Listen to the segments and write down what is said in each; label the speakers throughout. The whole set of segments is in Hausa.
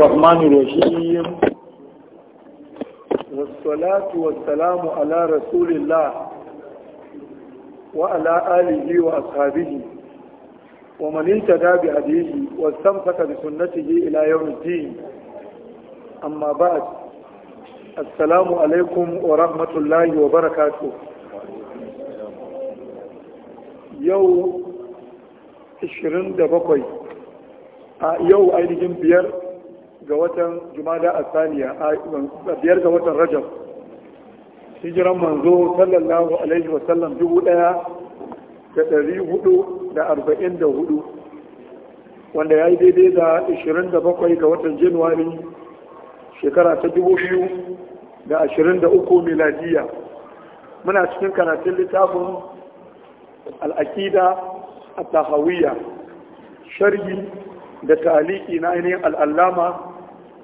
Speaker 1: الرحمن
Speaker 2: الرحيم والصلاة والسلام على رسول الله وعلى آله وأصحابه ومن انتدى بهديه واستمسك بسنته إلى يوم الدين أما بعد السلام عليكم ورحمة الله وبركاته يوم 27 a yau ainihin biyar ga watan jumada a saniya a biyar ga watan rajab hijiran manzo sallallahu alaihi wasallam dubu daya da dari hudu da arba'in da hudu wanda ya yi daidai da ashirin da bakwai ga watan januwari shekara ta dubu biyu da ashirin da uku miladiya muna cikin karatun littafin al'aƙida a tahawiyya sharhi da taliki na ainihin al'allama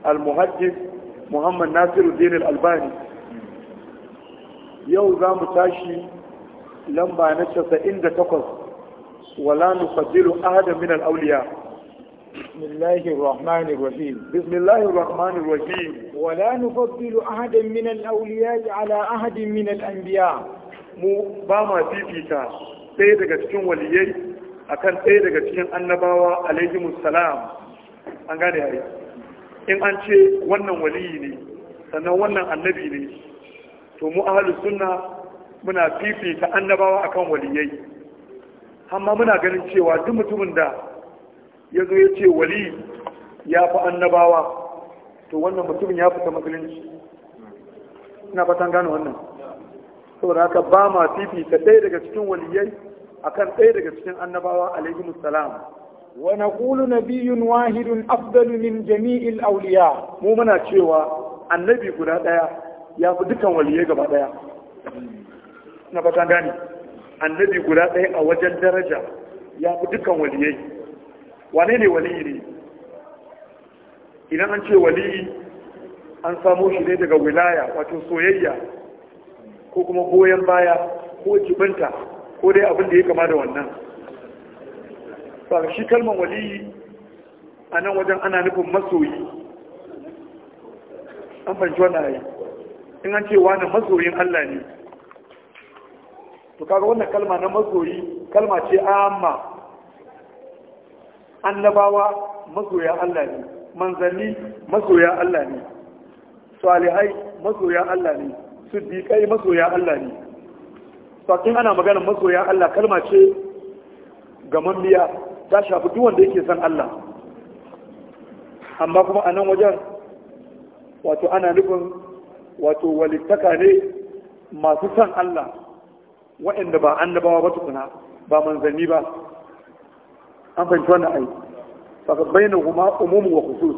Speaker 2: al muhammad nasiruddin al-albani yau za mu tashi lamba na 98 wala nufadilu ahada بسم الله الرحمن الرحيم بسم الله الرحمن الرحيم ولا نفضل أحدا من الأولياء على أحد من الأنبياء mu ba ma fifita ɗaya daga cikin waliyai akan ɗaya daga cikin annabawa alaihimus salam an gane hari in an ce wannan waliyi ne sannan wannan annabi ne to mu ahalu sunna muna fifita annabawa akan waliyai amma muna ganin cewa duk mutumin da ya zo ya ce wali ya fi annabawa to wannan mutumin ya fita musulunci ina fatan gano wannan saboda haka ba ma fifita ɗaya daga cikin waliyai akan ɗaya daga cikin annabawa alaihi salam ونقول نبي واحد أفضل من جميع الأولياء مو منا تشيوا النبي قد هذا يا فدكا وليه قبا هذا نبتان داني النبي قد هذا أوجل درجة fi وليه wane waliyi ne idan an ce waliyi an samo shi ne daga wilaya wato soyayya ko kuma goyon baya ko jibinta ko dai abin da ya kama da wannan ba shi kalmar waliyi a nan wajen ana nufin masoyi an fahimci wannan ayi in an ce wani masoyin Allah ne to kaga wannan kalma na masoyi kalma ce amma annabawa masoya Allah ne manzanni masoya Allah ne salihai masoya Allah ne siddiqai masoya Allah ne to in ana maganar masoya Allah kalma ce gamammiya ta shafi duk wanda yake san Allah amma kuma a nan wajen wato ana nufin wato walittaka ne masu san Allah waɗanda ba annabawa ba tukuna ba manzanni ba an fahimci wannan ai saka bayyana kuma umumu wa khusus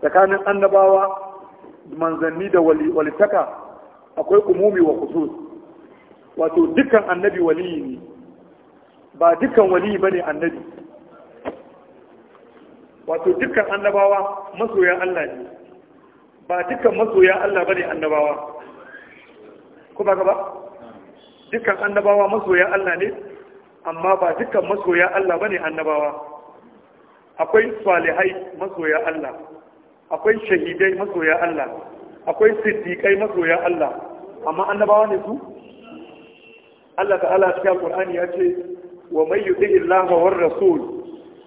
Speaker 2: tsakanin annabawa manzanni da walittaka akwai umumi wa khusus wato dukkan annabi waliyi ne ba dukkan waliyi bane annabi wato dukkan annabawa masoya Allah ne ba dukkan masoya Allah bane annabawa kuma ba ba dukkan annabawa masoya Allah ne amma ba dukkan masoya Allah bane annabawa akwai salihai masoya Allah akwai shahidai masoya Allah akwai siddiqai masoya Allah amma annabawa ne su Allah ta'ala cikin Qur'ani ya ce wa may yuti illaha war rasul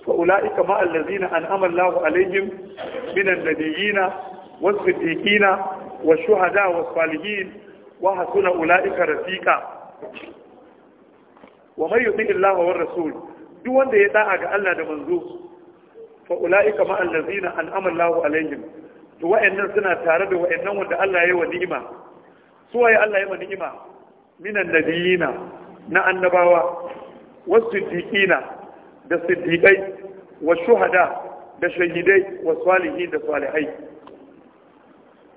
Speaker 2: فأولئك مع الذين أنعم الله عليهم من النبيين والصديقين والشهداء والصالحين وحسن أولئك رفيقا ومن يطيع الله والرسول duk wanda ya da'a ga Allah da manzo fa ulaika ma allazina an'ama Allahu alaihim to wa'annan suna tare da wa'annan wanda Allah ya yi wa ni'ima su waye Allah ya yi wa ni'ima minan nabiyina na annabawa wasiddiqina da siddiƙai wa shuhada da shahidai wa salihi da salihai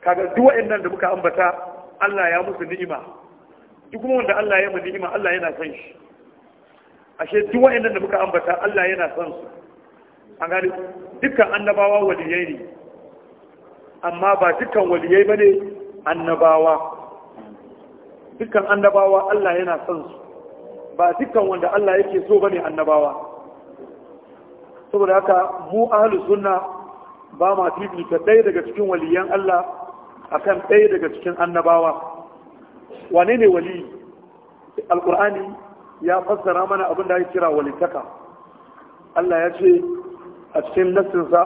Speaker 2: kaga duk waɗannan da muka ambata Allah ya musu ni'ima duk kuma wanda Allah ya musu ni'ima Allah yana son shi ashe duk waɗannan da muka ambata Allah yana son su an gani dukkan annabawa waliyai ne amma ba dukkan waliyai bane annabawa dukkan annabawa Allah yana son su ba dukkan wanda Allah yake so bane annabawa saboda haka mu ahlus sunna ba ma fifita ɗaya daga cikin waliyan Allah akan ɗaya daga cikin annabawa wane ne wali Alƙur'ani ya fassara mana abin da ya kira walitaka Allah ya ce a cikin nassinsa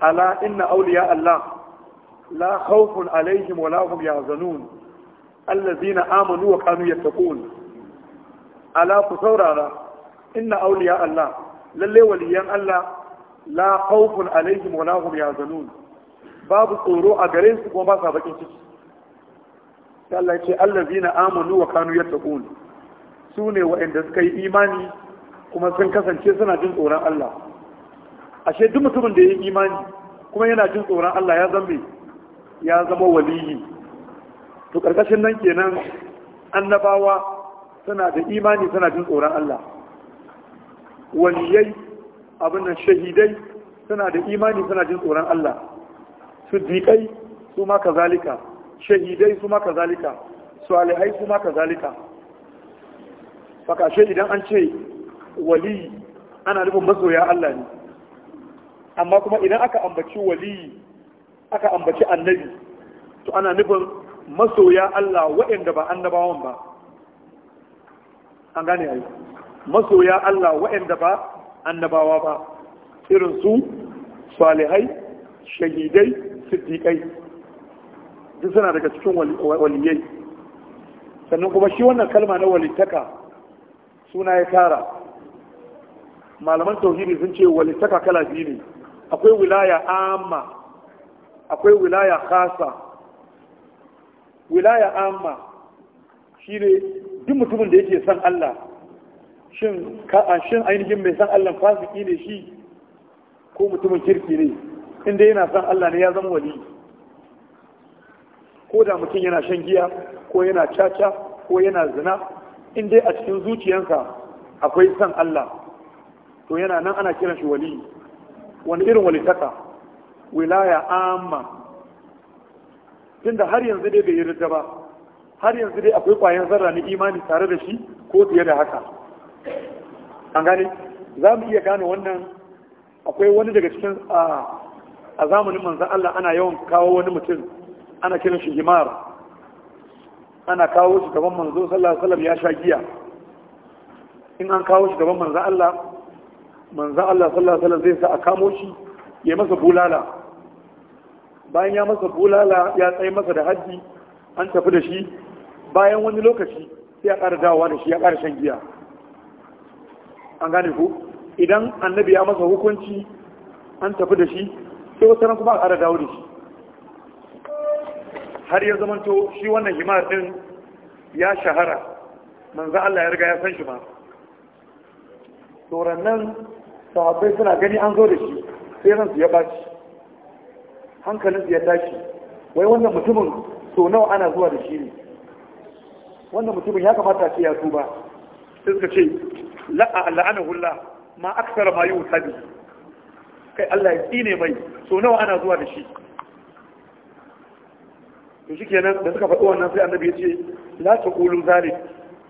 Speaker 2: ala inna awliya Allah la khawfun alaihim wa lahum yahzanun allazina amanu wa kanu yattaqun ala ku saurara inna awliya Allah lalle waliyan Allah la khawfun alaihim wala hum yahzanun babu tsoro a gare su kuma ba sa bakin ciki sai Allah ya ce allazina amanu wa kanu yattaqun sune waɗanda suka yi imani kuma sun kasance suna jin tsoron Allah ashe duk mutumin da ya yi imani kuma yana jin tsoron Allah ya zama ya zama waliyi to karkashin nan kenan annabawa suna da imani suna jin tsoron Allah waliyai abin shahidai suna da imani suna jin tsoron Allah siddiqai su ma kazalika shahidai su ma kazalika zalika su ma kazalika fakashe idan an ce wali ana nufin masoya Allah ne amma kuma idan aka ambaci wali aka ambaci annabi to ana nufin masoya Allah waɗanda ba annabawan ba an gane ayi masoya Allah waɗanda ba annabawa ba irin su salihai shahidai siddiƙai duk suna daga cikin waliyai sannan kuma shi wannan kalma na walittaka suna ya tara malaman tauhidi sun ce walittaka kala biyu ne akwai wilaya amma akwai wilaya khasa wilaya amma shi ne duk mutumin da yake son Allah shin shin ainihin mai san Allah fasiki ne shi ko mutumin kirki ne inda yana san Allah ne ya zama wali ko da mutum yana shan giya ko yana caca ko yana zina in dai a cikin zuciyansa akwai san Allah to yana nan ana kiran shi wali wani irin taka wilaya amma tunda har yanzu dai bai yarda ba har yanzu dai akwai kwayan zarra na imani tare da shi ko fiye da haka an gane za mu iya gane wannan akwai wani daga cikin a zamanin manzan Allah ana yawan kawo wani mutum ana kiran shi himar ana kawo shi gaban manzo sallallahu alaihi wasallam ya sha giya in an kawo shi gaban manzan Allah manzan Allah sallallahu alaihi wasallam zai sa a kamo shi ya masa bulala bayan ya masa bulala ya tsaye masa da haji an tafi da shi bayan wani lokaci sai ya ƙara dawowa da shi ya ƙara shan giya an gane ku idan annabi ya masa hukunci an tafi da shi sai wasu ran kuma a ƙara dawo da shi har ya zamanto shi wannan himar ɗin ya shahara manzo Allah ya riga ya san shi ma tsoron nan sahabbai suna gani an zo da shi sai ransu ya baci hankalinsu ya tashi wai wannan mutumin so nawa ana zuwa da shi ne wannan mutumin ya kamata ce ya tuba sai suka ce la'anahu Allah ma aksara ma yusabi kai Allah ya tsine mai so nawa ana zuwa da shi to kenan da suka faɗi wannan sai annabi ya ce la taqulu zalik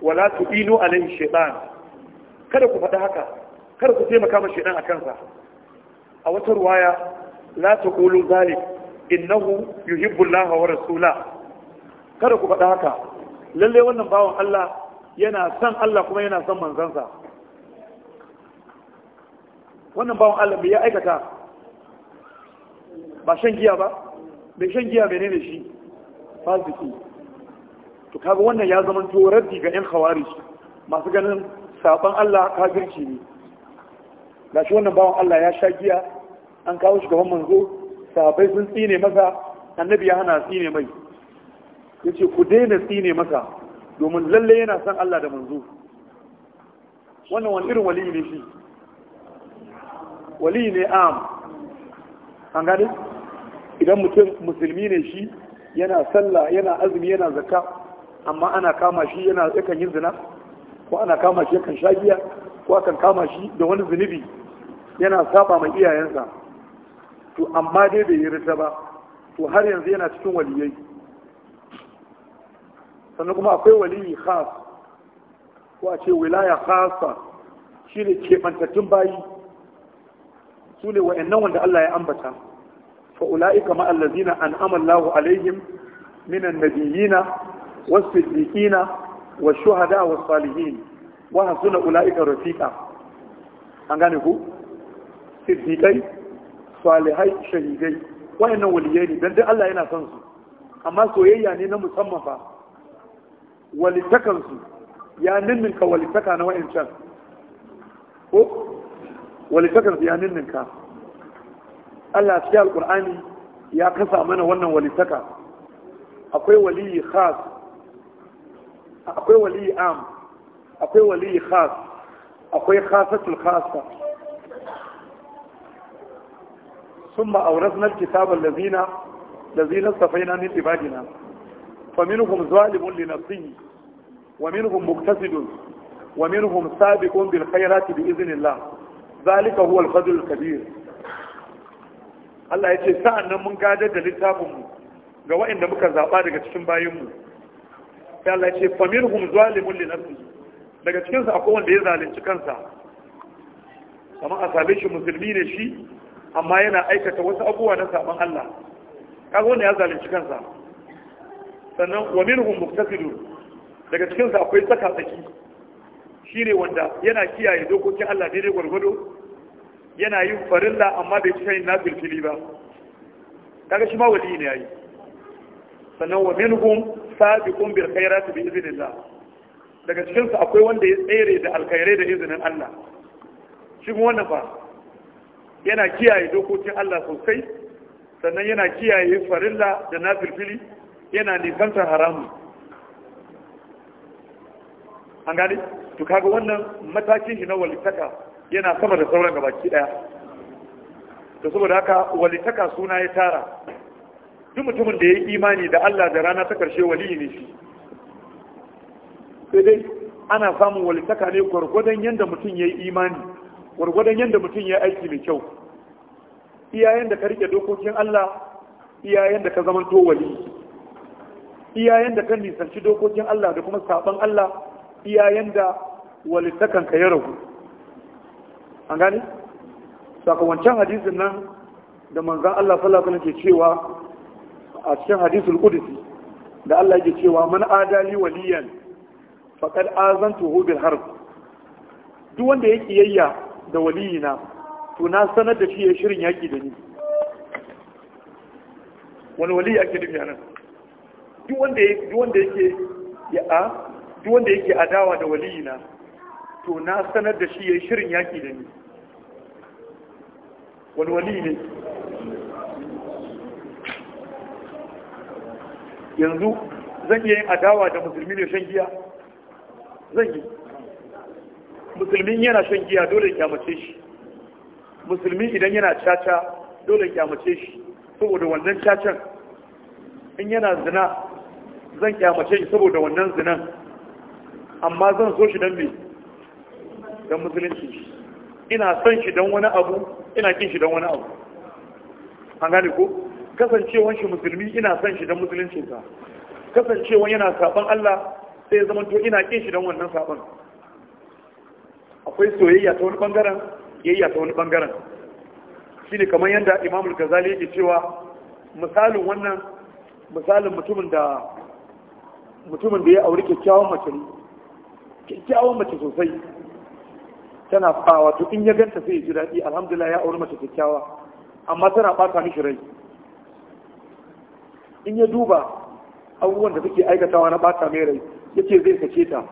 Speaker 2: wa la tu'inu alayhi shaytan kada ku faɗi haka kada ku taimaka ma shaytan a kansa. a wata ruwaya la taqulu zalik innahu yuhibbu Allah wa rasula kada ku faɗi haka lalle wannan bawan Allah yana son Allah kuma yana son manzansa wannan bawon Allah bai ya aikata ba shan giya ba bai shan giya bai ne shi fasiki to kaga wannan ya zama to raddi ga yan khawarij masu ganin saban Allah kafirci ne shi wannan bawon Allah ya sha giya an kawo shi gaban manzo sabai sun tsine masa annabi ya hana tsine mai yace ku daina tsine masa domin lalle yana san Allah da manzo wannan wani irin waliyi ne shi wali ne am an gani idan mutum musulmi ne shi yana sallah yana azumi yana zakka amma ana kama shi yana yakan yin zina ko ana kama shi yakan sha giya ko akan kama shi da wani zunubi yana saba mai iyayensa to amma dai bai yi rita ba to har yanzu yana cikin waliyai sannan kuma akwai waliyi khas ko a ce wilaya khasa shine kebantattun bayi su ne wa'annan wanda Allah ya ambata fa ula'ika ma allazina an'ama Allahu alaihim minan nabiyina wasu siddiqina wa shuhada was salihin wa hasuna ula'ika rafiqa an gane ku siddiqai salihai shahidai wa'annan waliyai ne dan dai Allah yana son su amma soyayya ne na musamman fa walitakan su ya ka walitaka na wa'ancan ko Walitakar takar ninka. Allah ya alkur'ani ya kasa mana wannan walitaka akwai waliyi khas akwai waliyi am akwai waliyi khas akwai khasatul khasa ثم أورثنا الكتاب الذين الذين اصطفينا min ibadina فمنهم ظالم لنفسه ومنهم مقتصد ومنهم سابق بالخيرات بإذن الله zalika huwa al-fadl kabir Allah ya ce sa'an nan mun gadar da littafinmu ga waɗanda muka zaɓa daga cikin bayanmu sai Allah ya ce famir hum zalimun li nafsi daga cikinsa akwai wanda ya zalunci kansa kamar a same shi musulmi ne shi amma yana aikata wasu abubuwa na saban Allah kaga wanda ya zalunci kansa sannan wa minhum muqtasidun daga cikinsa akwai tsaka tsaki shine wanda yana kiyaye dokokin Allah daidai gwargwado yana yin farilla amma bai cika yin nafil fili ba kaga shi ma wali ne yayi sannan wa minhum sabiqun bil khairati bi iznillah daga cikin su akwai wanda ya tsere da alkhairai da izinin Allah shi kuma wannan fa yana kiyaye dokokin Allah sosai sannan yana kiyaye farilla da nafil fili yana nisantar haramu an gani to kaga wannan matakin shi na walitaka yana sama da sauran gabaki daya to saboda haka walitaka suna ya tara duk mutumin da ya yi imani da Allah da rana ta karshe waliyi ne shi sai dai ana samun walitaka ne gwargwadon yadda mutum ya yi imani gwargwadon yadda mutum ya aiki mai kyau iyayen da ka rike dokokin Allah iyayen da ka zamanto wali iyayen da ka nisanci dokokin Allah da kuma saban Allah iyayen da walitakan ka ya ragu an gani sakamakon hadisin nan da manzan Allah sallallahu alaihi ke cewa a cikin hadisul qudsi da Allah yake cewa man adali waliyan faqad azantuhu bil harb duk wanda ya kiyayya da waliyina to na sanar da shi ya shirin yaki da ni wani waliyi ake nufi nan duk wanda duk wanda yake ya a duk wanda yake adawa da waliyina to na sanar da shi ya yi shirin yaƙi da ni Walwali ne yanzu zan iya yin adawa da musulmi ne shan giya zan yi musulmin yana shan giya dole ya kyamace shi musulmi idan yana caca dole ya kyamace shi saboda wannan cacan in yana zina zan kyamace shi saboda wannan zinan amma zan so shi don me don musulunci ina son shi don wani abu ina kin shi don wani abu an gane ko kasancewan shi musulmi ina son shi don musuluncinsa kasancewan yana saban Allah sai ya zamanto ina kin shi don wannan saban akwai soyayya ta wani bangaren yayya ta wani bangaren shine kamar yadda Imam Ghazali yake cewa misalin wannan misalin mutumin da mutumin da ya auri kyakkyawan mace kyakkyawan mace sosai tana fawa to in ya ganta sai ya ji daɗi alhamdulillah ya auri mace kyakkyawa amma tana ɓata mishi rai in ya duba abubuwan da suke aikatawa na ɓata mai rai yace zai sake ta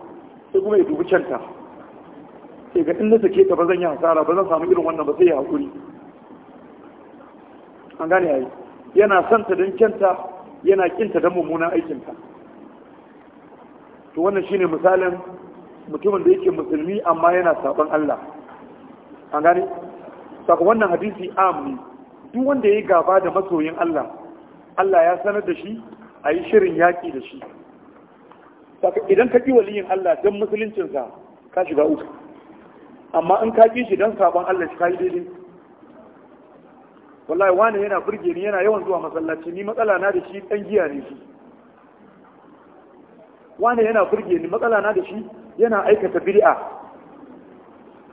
Speaker 2: sai kuma ya dubi canta sai ga in na sake ta ba zan yi hasara ba zan samu irin wannan ba sai ya haƙuri an gane yayi yana ta don canta yana kinta don mummunan aikinta to wannan shine misalin mutumin da yake musulmi amma yana saban Allah an gane saka wannan hadisi amni duk wanda ya yi gaba da masoyin Allah Allah ya sanar da shi a yi shirin yaƙi da shi saka idan ka ƙi waliyin Allah don musuluncinsa ka shiga uku amma in ka ƙi shi don saban Allah shi ka yi daidai wallahi wani yana burge ni yana yawan zuwa masallaci ni matsala na da shi ɗan giya ne shi wani yana burge ni matsala na da shi yana aikata bid'a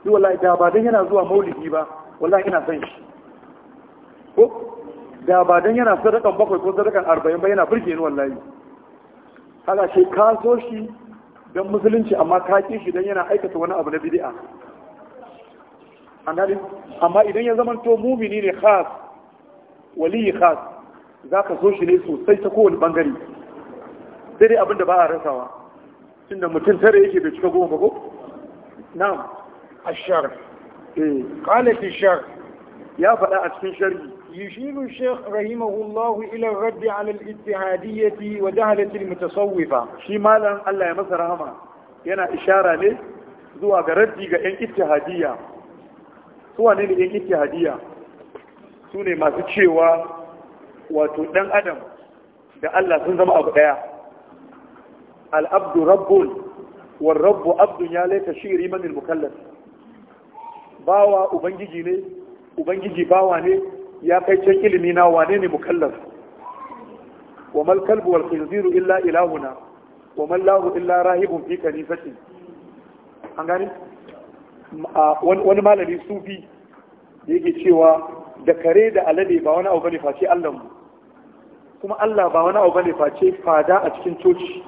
Speaker 2: duk wallahi da ba dan yana zuwa maulidi ba wallahi ina san shi ko da ba dan yana sadakan bakwai ko sadakan arba'in ba yana burge ni wallahi haka ce ka so shi don musulunci amma ka ki shi don yana aikata wani abu na bid'a annabi amma idan ya zama to mumini ne khas waliyi khas zaka so shi ne sosai ta kowane bangare sai dai abin da ba a rasawa tunda mutum tare yake bai cika goma ko na'am ashar eh qala fi shar ya faɗa a cikin sharhi يشير الشيخ رحمه الله إلى الرد على الاتحادية وجهلة المتصوفة شي مالا الله يمسر هما ينا إشارة لي ذو أغردي إن اتحادية سوى نيني إن اتحادية سوني ما تشيوا وتدن أدم da Allah sun zama abu daya al'abdu rabbun wa rabbu abdun ya laita shi riman mukallaf bawa ubangiji ne ubangiji bawa ne ya kai can ilimi na wane ne mukallaf wa mal kalbu wal khinziru illa ilahuna wa man illa rahibun fi kanisati an gani wani malami sufi da yake cewa da kare da alade ba wani abu bane face Allah mu kuma Allah ba wani abu bane face fada a cikin coci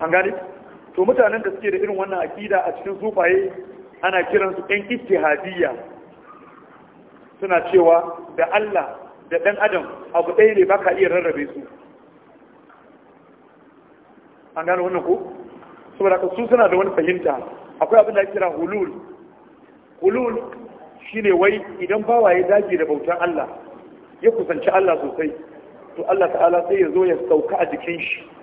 Speaker 2: an gani to mutanen da suke da irin wannan akida a cikin sufaye ana kiransu ɗan ijtihadiyya suna cewa da Allah da ɗan adam abu ɗaya ne baka iya rarrabe su an gane wannan ko saboda ka su suna da wani fahimta akwai abin da ya kira hulul hulul shine wai idan bawa ya dage da bautan Allah ya kusanci Allah sosai to Allah ta'ala sai ya zo ya sauka a jikin shi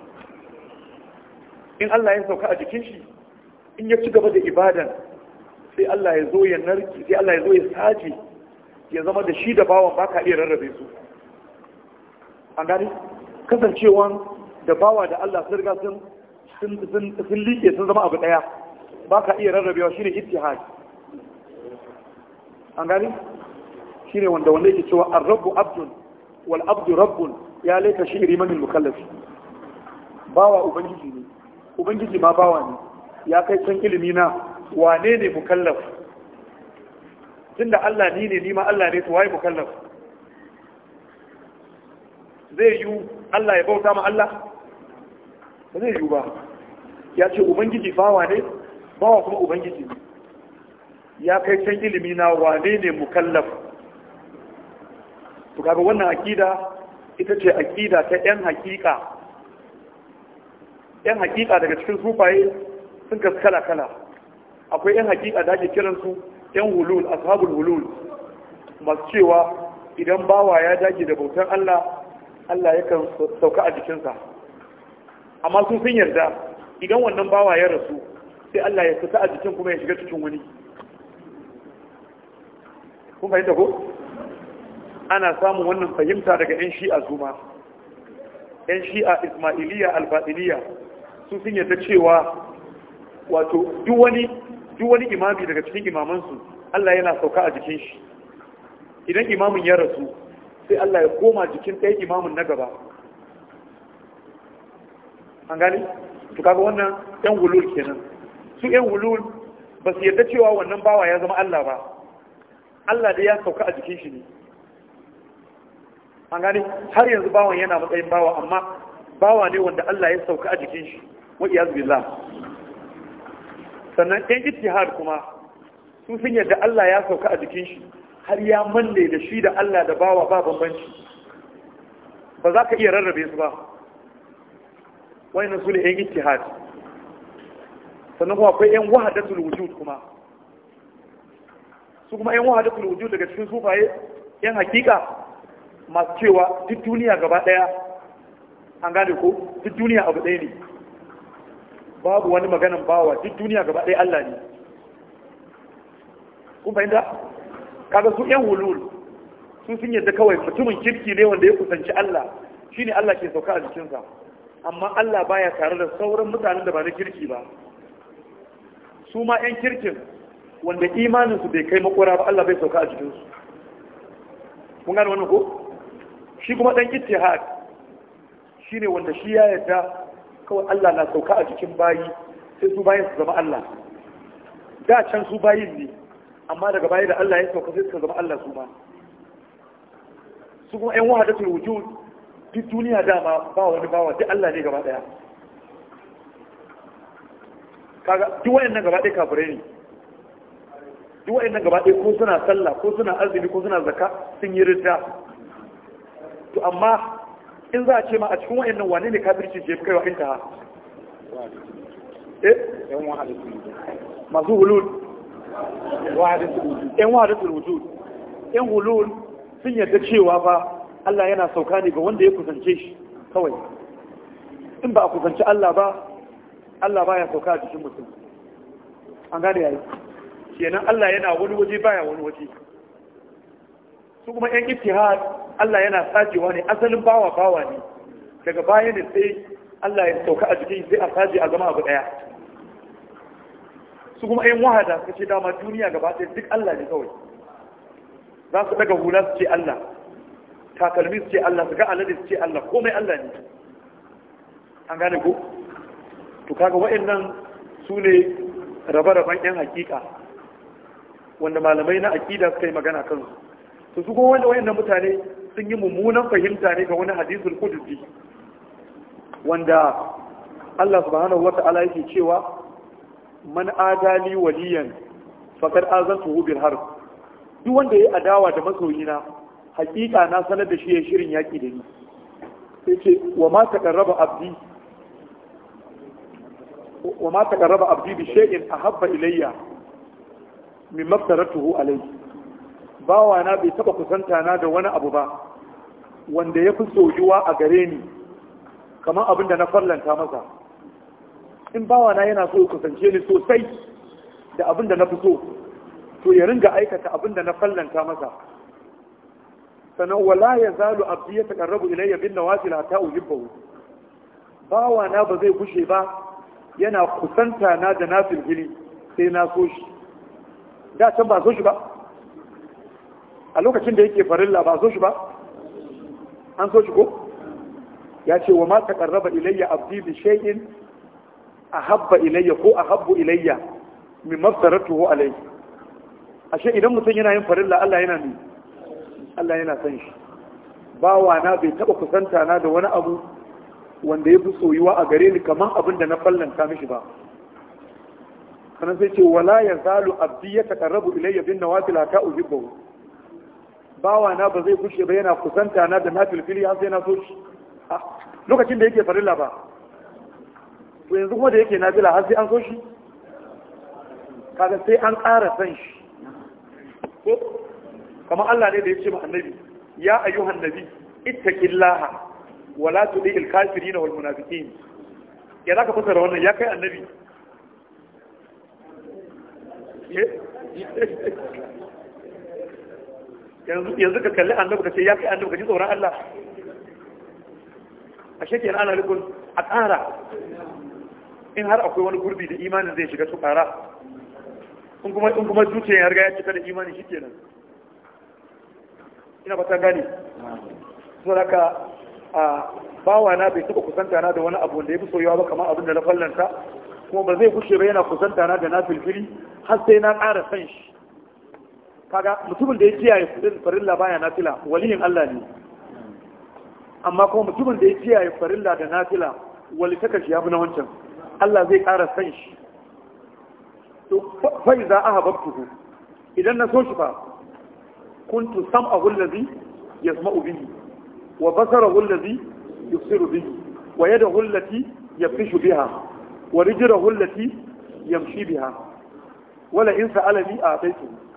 Speaker 2: in Allah ya sauka a jikin shi in ya ci gaba da ibadan sai Allah ya zo ya narki sai Allah ya zo ya saje ya zama da shi da bawan baka iya rarrabe su an gani kasancewan da bawa da Allah sun riga sun sun liƙe sun zama abu ɗaya baka iya rarrabewa shine ittihad an gani shine wanda wanda yake cewa ar-rabbu abdun wal abdu rabbun ya laika shi riman al-mukallaf bawa ubangiji ne ubangiji ma bawa ne ya kai can ilimi na wane ne mukallaf tunda Allah ni ne ni ma Allah ne to waye mukallaf zai yi Allah ya bauta ma Allah ba zai yi ba ya ce ubangiji bawa ne bawa kuma ubangiji ne ya kai can ilimi na wane ne mukallaf to kaga wannan akida ita ce akida ta yan hakika yan hakika daga cikin sufaye sun kasu kala-kala akwai yan hakika da ake kiransu yan hulul ashabul hulul masu cewa idan bawa ya dage da bautar Allah Allah ya kan sauka a jikinsa amma sun sun yarda idan wannan bawa ya rasu sai Allah ya fita a jikin kuma ya shiga cikin wani kun fahimta ko ana samun wannan fahimta daga 'yan shi'a zuma 'yan shi'a ismailiya alfadiliya su sun yarda cewa wato duk wani imami daga cikin imamansu Allah yana sauka a jikin shi idan imamin ya rasu sai Allah ya koma jikin ɗaya imamin na gaba an gani Su kaga wannan yan wulul kenan su yan wulul ba su yarda cewa wannan bawa ya zama Allah ba Allah dai ya sauka a jikin shi ne an gani har yanzu bawan yana matsayin bawa amma bawa ne wanda Allah ya sauka a jikin shi wa iyaz sannan ɗan har kuma sun fi yadda Allah ya sauka a jikin shi har ya manne da shi da Allah da bawa ba bambanci ba za ka iya rarrabe su ba wani su ne ɗan har. sannan kuma akwai ɗan wahadatul wujud kuma su kuma ɗan wahadatul wujud daga cikin sufaye ɗan hakika masu cewa duk duniya gaba ɗaya an gane ko duk duniya abu ɗaya ne babu wani maganan bawa duk duniya gaba ɗaya Allah ne kun fahimta kaga su yan hulul sun sun yadda kawai mutumin kirki ne wanda ya kusanci Allah shine Allah ke sauka a jikinsa amma Allah baya tare da sauran mutanen da ba na kirki ba su ma yan kirkin wanda imanin su bai kai makora ba Allah bai sauka a jikinsu kun gane wannan ko shi kuma dan ittihad shine wanda shi ya yadda kawai Allah na sauka a jikin bayi sai su bayan su zama Allah da can su bayin ne amma daga baya da Allah ya sauka sai suka zama Allah su ma su kuma ƴan wahadatul wujud duk duniya dama ba wani bawa duk Allah ne gaba daya kaga duk wayannan gaba daya kafirai ne duk wayannan gaba daya ko suna sallah ko suna azumi ko suna zakka sun yi ridda to amma in za a ce ma a cikin nan wane ne kafirci je kai wa inta eh masu hulul yan wahadatul wujud yan hulun sun yadda cewa ba Allah yana sauka ne ga wanda ya kusance shi kawai in ba a kusanci Allah ba Allah baya sauka a jikin mutum an gane yayi kenan Allah yana wani waje baya wani waje su kuma yan ittihad Allah yana sajewa ne asalin bawa bawa ne daga baya ne sai Allah ya sauka a jikin sai a saje a zama abu daya su kuma yan wahada su ce dama duniya gaba ɗaya duk Allah ne kawai za su daga hula su ce Allah takalmi su ce Allah su ga alade su ce Allah komai Allah ne an gane ko to kaga wa'annan su ne rabe-raben yan hakika wanda malamai na akida suka yi magana kansu to su kuma wanda wayannan mutane sun yi mummunan fahimta ne ga wani hadisul qudsi wanda Allah subhanahu wata'ala yake cewa man adali waliyan faqad azantuhu bil harb duk wanda yayi adawa da masoyina hakika na sanar da shi ya shirin yaki da ni yace wa ma taqarraba abdi wa ma taqarraba abdi bi shay'in ahabba ilayya mimma taratuhu alayhi bawa na bai taba kusanta na da wani abu ba wanda ya fi sojuwa a gare ni kamar abin da na farlanta masa in bawa na yana so kusance ni sosai da abin da na fi so to ya ringa aikata abin da na farlanta masa sannan wala ya zalu abdi ya taqarrabu ilayya bin nawafil hatta uhibbu bawa na ba zai gushe ba yana kusanta na da nafil gili sai na so shi da can ba so shi ba a lokacin da yake farilla ba so shi ba an so shi ko ya ce wa ma taqarraba ilayya abdi bi shay'in ahabba ilayya ko ahabbu ilayya min maftaratuhu alayhi ashe idan mutum yana yin farilla Allah yana ni Allah yana san shi bawa na bai taba kusanta na da wani abu wanda ya fi soyuwa a gare ni kamar abin da na fallanta mishi ba sannan sai ce wala ya zalu abdi ya takarrabu ilayya bin nawafil hatta uhibbahu bawa na ba zai kushe ba yana kusanta na da na filfili har sai na so shi lokacin da yake farilla ba to yanzu kuma da yake jila har sai an so shi kaga sai an ƙara san shi ko kamar Allah ne da ya ce ma annabi ya ayyuhan nabi ittaqillaha wala tudil kafirin wal munafiqin ya zaka fasara wannan ya kai annabi eh? yanzu ka kalli annabu ka ce ya kai annabu ka ji tsoron Allah a shekiyar ana rikon a ƙara in har akwai wani gurbi da imanin zai shiga su ƙara in kuma in zuciya ya riga ya cika da imanin shi kenan ina ba ta gani so haka a bawa na bai taɓa kusanta na da wani abu da ya fi soyuwa ba kamar abin da na fallanta kuma ba zai kushe ba yana kusanta na da na filfili har sai na ƙara san shi kaga mutumin da ya kiyaye farilla baya nafila waliyin Allah ne amma kuma mutumin da ya kiyaye farilla da nafila wali ta kashi yafi na wancan Allah zai ƙara san shi to fa iza ku idan na so shi fa kuntu sam'ahu allazi yasma'u bihi wa basarahu allazi yusiru bihi wa yadahu allati yafishu biha wa rijluhu allati yamshi biha wala in sa'alani a'taytuhu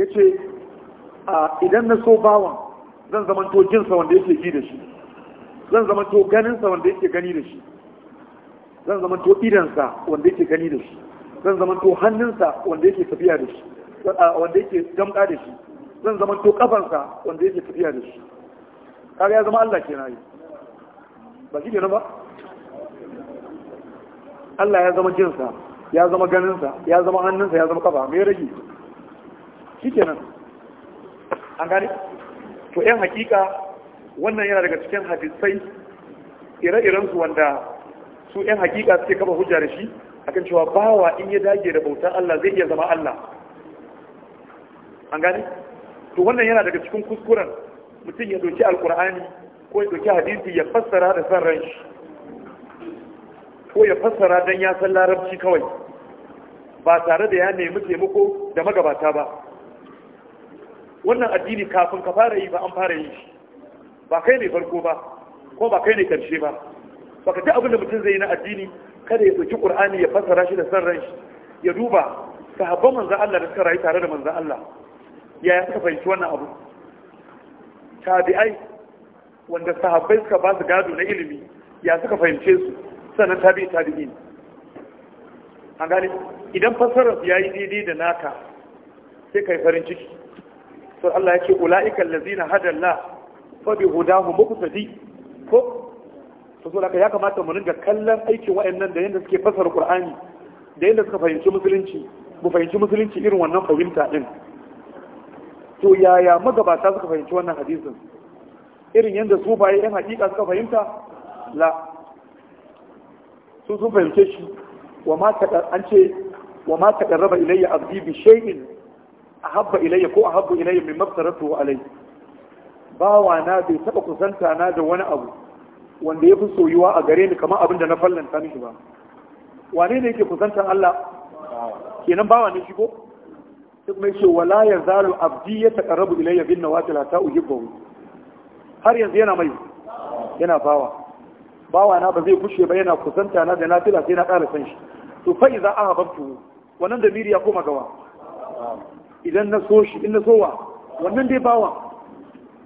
Speaker 2: ya ce idan na so bawan zan zamanto jinsa wanda yake ji da shi zan zamanto ganinsa wanda yake gani da shi zan zamanto idansa wanda yake gani da shi zan zamanto hannunsa wanda yake tafiya da shi wanda yake gamka da shi zan zamanto kafansa wanda yake tafiya da shi kaga ya zama Allah ke nayi ba shi ne ba Allah ya zama jinsa ya zama ganinsa ya zama hannunsa ya zama kafa me rage shikenan an gane to yan hakika wannan yana daga cikin hadisai ire-iren su wanda su yan hakika suke kaba hujja da shi akan cewa bawa in ya dage da bautar Allah zai iya zama Allah an gane to wannan yana daga cikin kuskuren mutum ya doki alkur'ani ko ya doki hadisi ya fassara da san ran shi ko ya fassara don ya san larabci kawai ba tare da ya nemi taimako da magabata ba wannan addini kafin ka fara yi ba an fara yi ba kai ne farko ba ko ba kai ne karshe ba baka ta abin da mutum zai yi na addini kada ya ɗauki ƙur'ani ya fassara shi da san ran shi ya duba sahabban manzan Allah da suka rayu tare da manzan Allah yaya suka fahimci wannan abu tabi'ai wanda sahabbai suka ba su gado na ilimi ya suka fahimce su sannan tabi'i tabi'in an gane idan fassarar ya yi daidai da naka sai ka yi farin ciki sai Allah ya ce ula'ika Ladina, hadalla fa bi hudahu muqtadi ko to so ya kamata mu ringa kallon aikin wayannan da yanda suke fasar Qur'ani da yanda suka fahimci musulunci mu fahimci musulunci irin wannan fahimta din to yaya magabata suka fahimci wannan hadisin irin yanda su baye yan hakika suka fahimta la su sun fahimce shi wa ma an ce wa ma taqarraba ilayya abdi bi shay'in ahabba ilayya ko ahabbu ilayya min mabtaratu alayhi bawa na bai taba kusanta na da wani abu wanda ya fi soyuwa a gare ni kamar abin da na fallanta miki ba wane ne yake kusantan Allah kenan bawa ne shi ko duk mai ce wala ya zalu abdi ya taqarrabu ilayya bin nawafil ta uhibbu har yanzu yana mai yana bawa bawa na ba zai kushe ba yana kusanta na da nafila sai na ƙara san shi to fa iza ahabbtu wannan da miriya koma gawa idan na so shi in na wa wannan dai bawa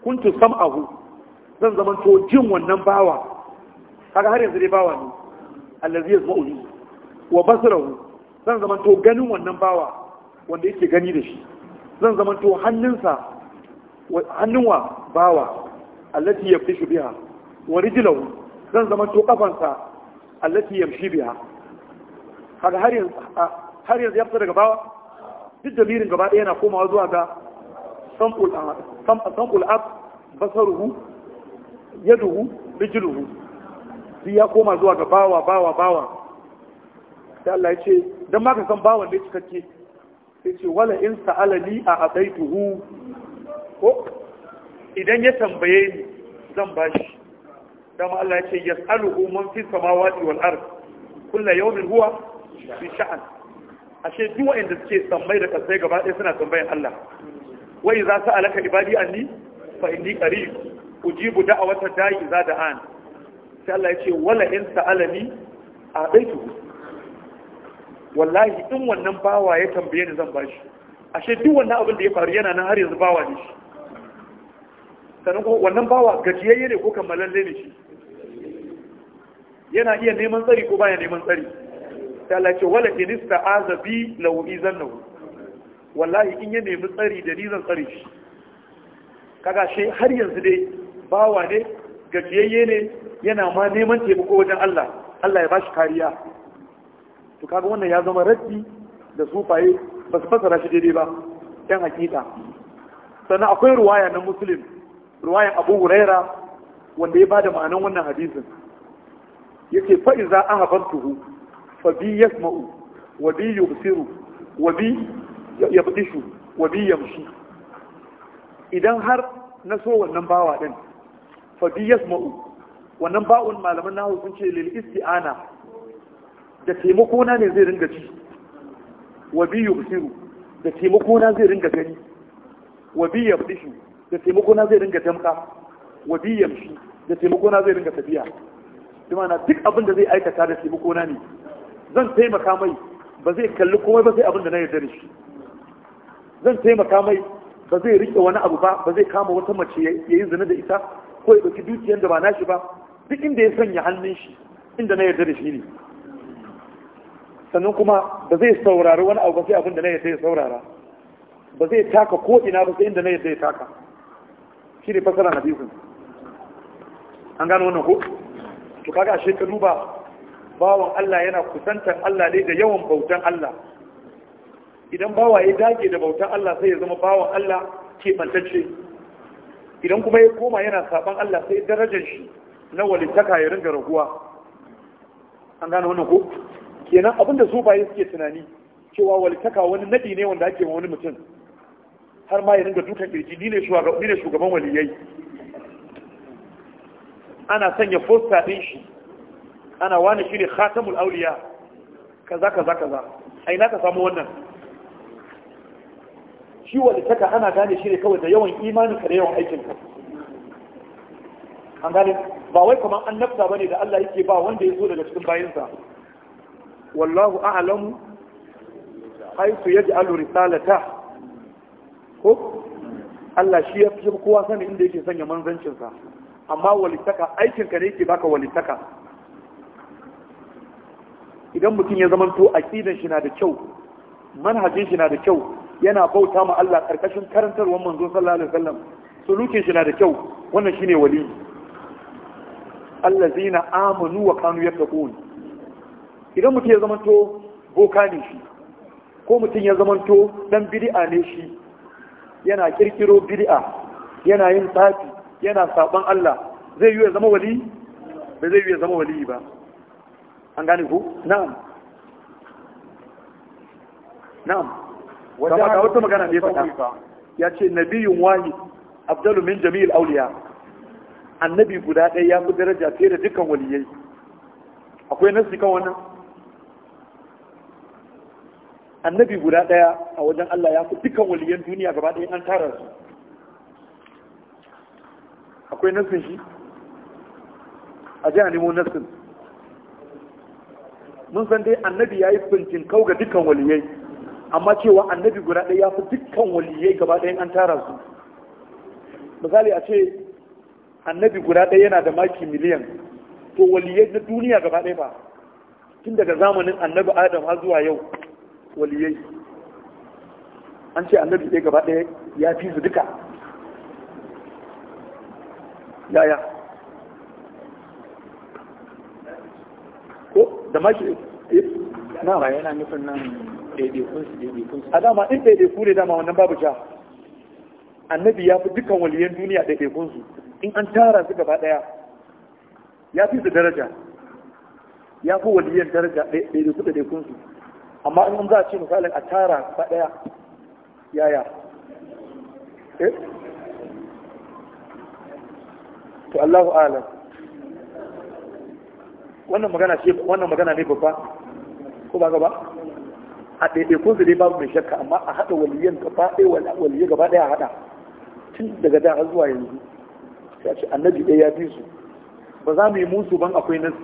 Speaker 2: kuntu sam'ahu zan zama to jin wannan bawa kaga har yanzu dai bawa ne allazi yasma'u bi wa basarahu zan zama to ganin wannan bawa wanda yake gani da shi zan zama to hannunsa hannunwa bawa allati yafishu biha wa rijluhu zan zama to kafansa allati yamshi biha kaga har yanzu har yanzu ya fita daga bawa duk damirin gaba ɗaya yana komawa zuwa ga samful ab basaruhu yaduhu rijiluhu duk ya koma zuwa ga bawa bawa bawa sai Allah ya ce don maka san bawan da cikakke sai ce wala in ni a tuhu. ko idan ya tambaye ni zan bashi don Allah ya ce yas'aluhu man fi samawati wal ard kullu yawmin huwa fi sha'an ashe duk inda suke sammai da kasai gaba ɗaya suna tambayan Allah wai za su alaka ibadi anni fa inni qarib ujibu da'awata da'i za da an sai Allah ya ce wala in sa'alani a daitu wallahi in wannan bawa ya tambaye ni zan bashi ashe duk wannan abin da ya faru yana nan har yanzu bawa ne shi sannan ko wannan bawa gajiyayye ne ko kammalalle ne shi yana iya neman tsari ko baya neman tsari ta Allah ce wala inista azabi law wallahi in ya nemi tsari da ni zan tsare shi kaga shi har yanzu dai bawa ne gajiyayye ne yana ma neman taimako wajen Allah Allah ya bashi kariya to kaga wannan ya zama raddi da sufaye ba su fasara shi daidai ba yan hakika sannan akwai ruwaya na muslim ruwayan abu huraira wanda ya bada ma'anan wannan hadisin yake fa'iza an tuhu. fa bi ma'u, wa bi yubsiru wa bi yabdishu wa bi idan har na so wannan bawa din fa bi ma'u, wannan ba'un malaman nahu sun ce lil isti'ana da taimako na ne zai ringa ci wa bi yubsiru da taimako na zai ringa gani wa bi yabdishu da taimako na zai ringa damka wa bi yamshi da taimako na zai ringa tafiya bi duk abin da zai aikata da taimako na ne zan taimaka mai ba zai kalli komai ba sai abin da na yarda da shi zan taimaka mai ba zai rike wani abu ba ba zai kama wata mace ya yi zina da ita ko ya ɗauki dukiyar da ba nashi ba duk inda ya sanya hannun shi inda na yarda da shi ne sannan kuma ba zai saurari wani abu ba sai abin da na yarda ya saurara ba zai taka ko ina ba sai inda na yarda ya taka shi ne fasara hadisin an gano wannan ko to kaga a shekaru ba. bawan Allah yana kusantar Allah ne da yawan bautan Allah idan bawa ya dage da bautan Allah sai ya zama bawan Allah keɓantacce idan kuma ya koma yana saban Allah sai darajar shi na walittaka ya ringa raguwa an gane wannan ko kenan abinda su baye suke tunani cewa walittaka wani nadi ne wanda ake wani mutum har ma ya ringa dukan kirji ni ne shugaban waliyai ana sanya fosta ɗin shi ana wani ne khatamul auliya kaza kaza kaza ai na ka samu wannan shi walittaka ana gane shi ne kawai da yawan imanin ka da yawan aikin ka an gane ba wai kuma an nafsa bane da Allah yake ba wanda ya zo daga cikin sa wallahu a'lamu haythu yaj'alu risalata ko Allah shi ya fi kowa sanin inda yake sanya manzancin sa amma walitaka aikin ka ne yake baka walitaka idan mutum ya zama to aqidan shi na da kyau manhajin shi na da kyau yana bauta ma Allah karkashin karantarwar manzon sallallahu alaihi wasallam sulukin shi na da kyau wannan shine wali allazina amanu wa kanu yattaqun idan mutum ya zama to boka ne shi ko mutum ya zama to dan bid'a ne shi yana kirkiro bid'a yana yin tsafi yana saban Allah zai yi ya zama wali ba zai yi ya zama wali ba an gane ku na'am na'am kama ga wata magana ne fata ya ce nabiyun wahid abdalu min jami'il auliya annabi guda ɗaya ya fi daraja fiye da dukkan waliyai akwai nasi kan wannan annabi guda ɗaya a wajen Allah ya fi dukkan waliyan duniya gaba ɗaya an tara su akwai nasin shi a jiya nemo nasin mun san dai annabi ya yi fincin kau ga dukkan waliyai amma cewa annabi guda ɗaya ya fi dukkan waliyai gaba ɗayan an tara su misali a ce annabi guda ɗaya yana da maki miliyan to waliyai na duniya gaba ɗaya ba tun daga zamanin annabi adam har zuwa yau waliyai an ce annabi ɗaya gaba ɗaya ya fi su duka yaya da maki na eh, ba yana nufin nan daidaikun su daidaikun su a dama in daidaiku ne dama wannan babu ja annabi ya fi dukkan waliyan duniya daidaikun su in an tara su gaba ɗaya. ya fi su daraja ya fi waliyan daraja daidaiku daidaikun su amma in an za a ce misalin a tara gaba daya yaya eh? to Allahu alam wannan magana ce wannan magana ne babba ko ba gaba a ɗaiɗaikun su zai babu mai shakka amma a haɗa waliyan gaba ɗaya waliyan gaba ɗaya haɗa tun daga da har zuwa yanzu ya a ce annabi ɗaya ya fi su ba za mu yi musu ban akwai nasi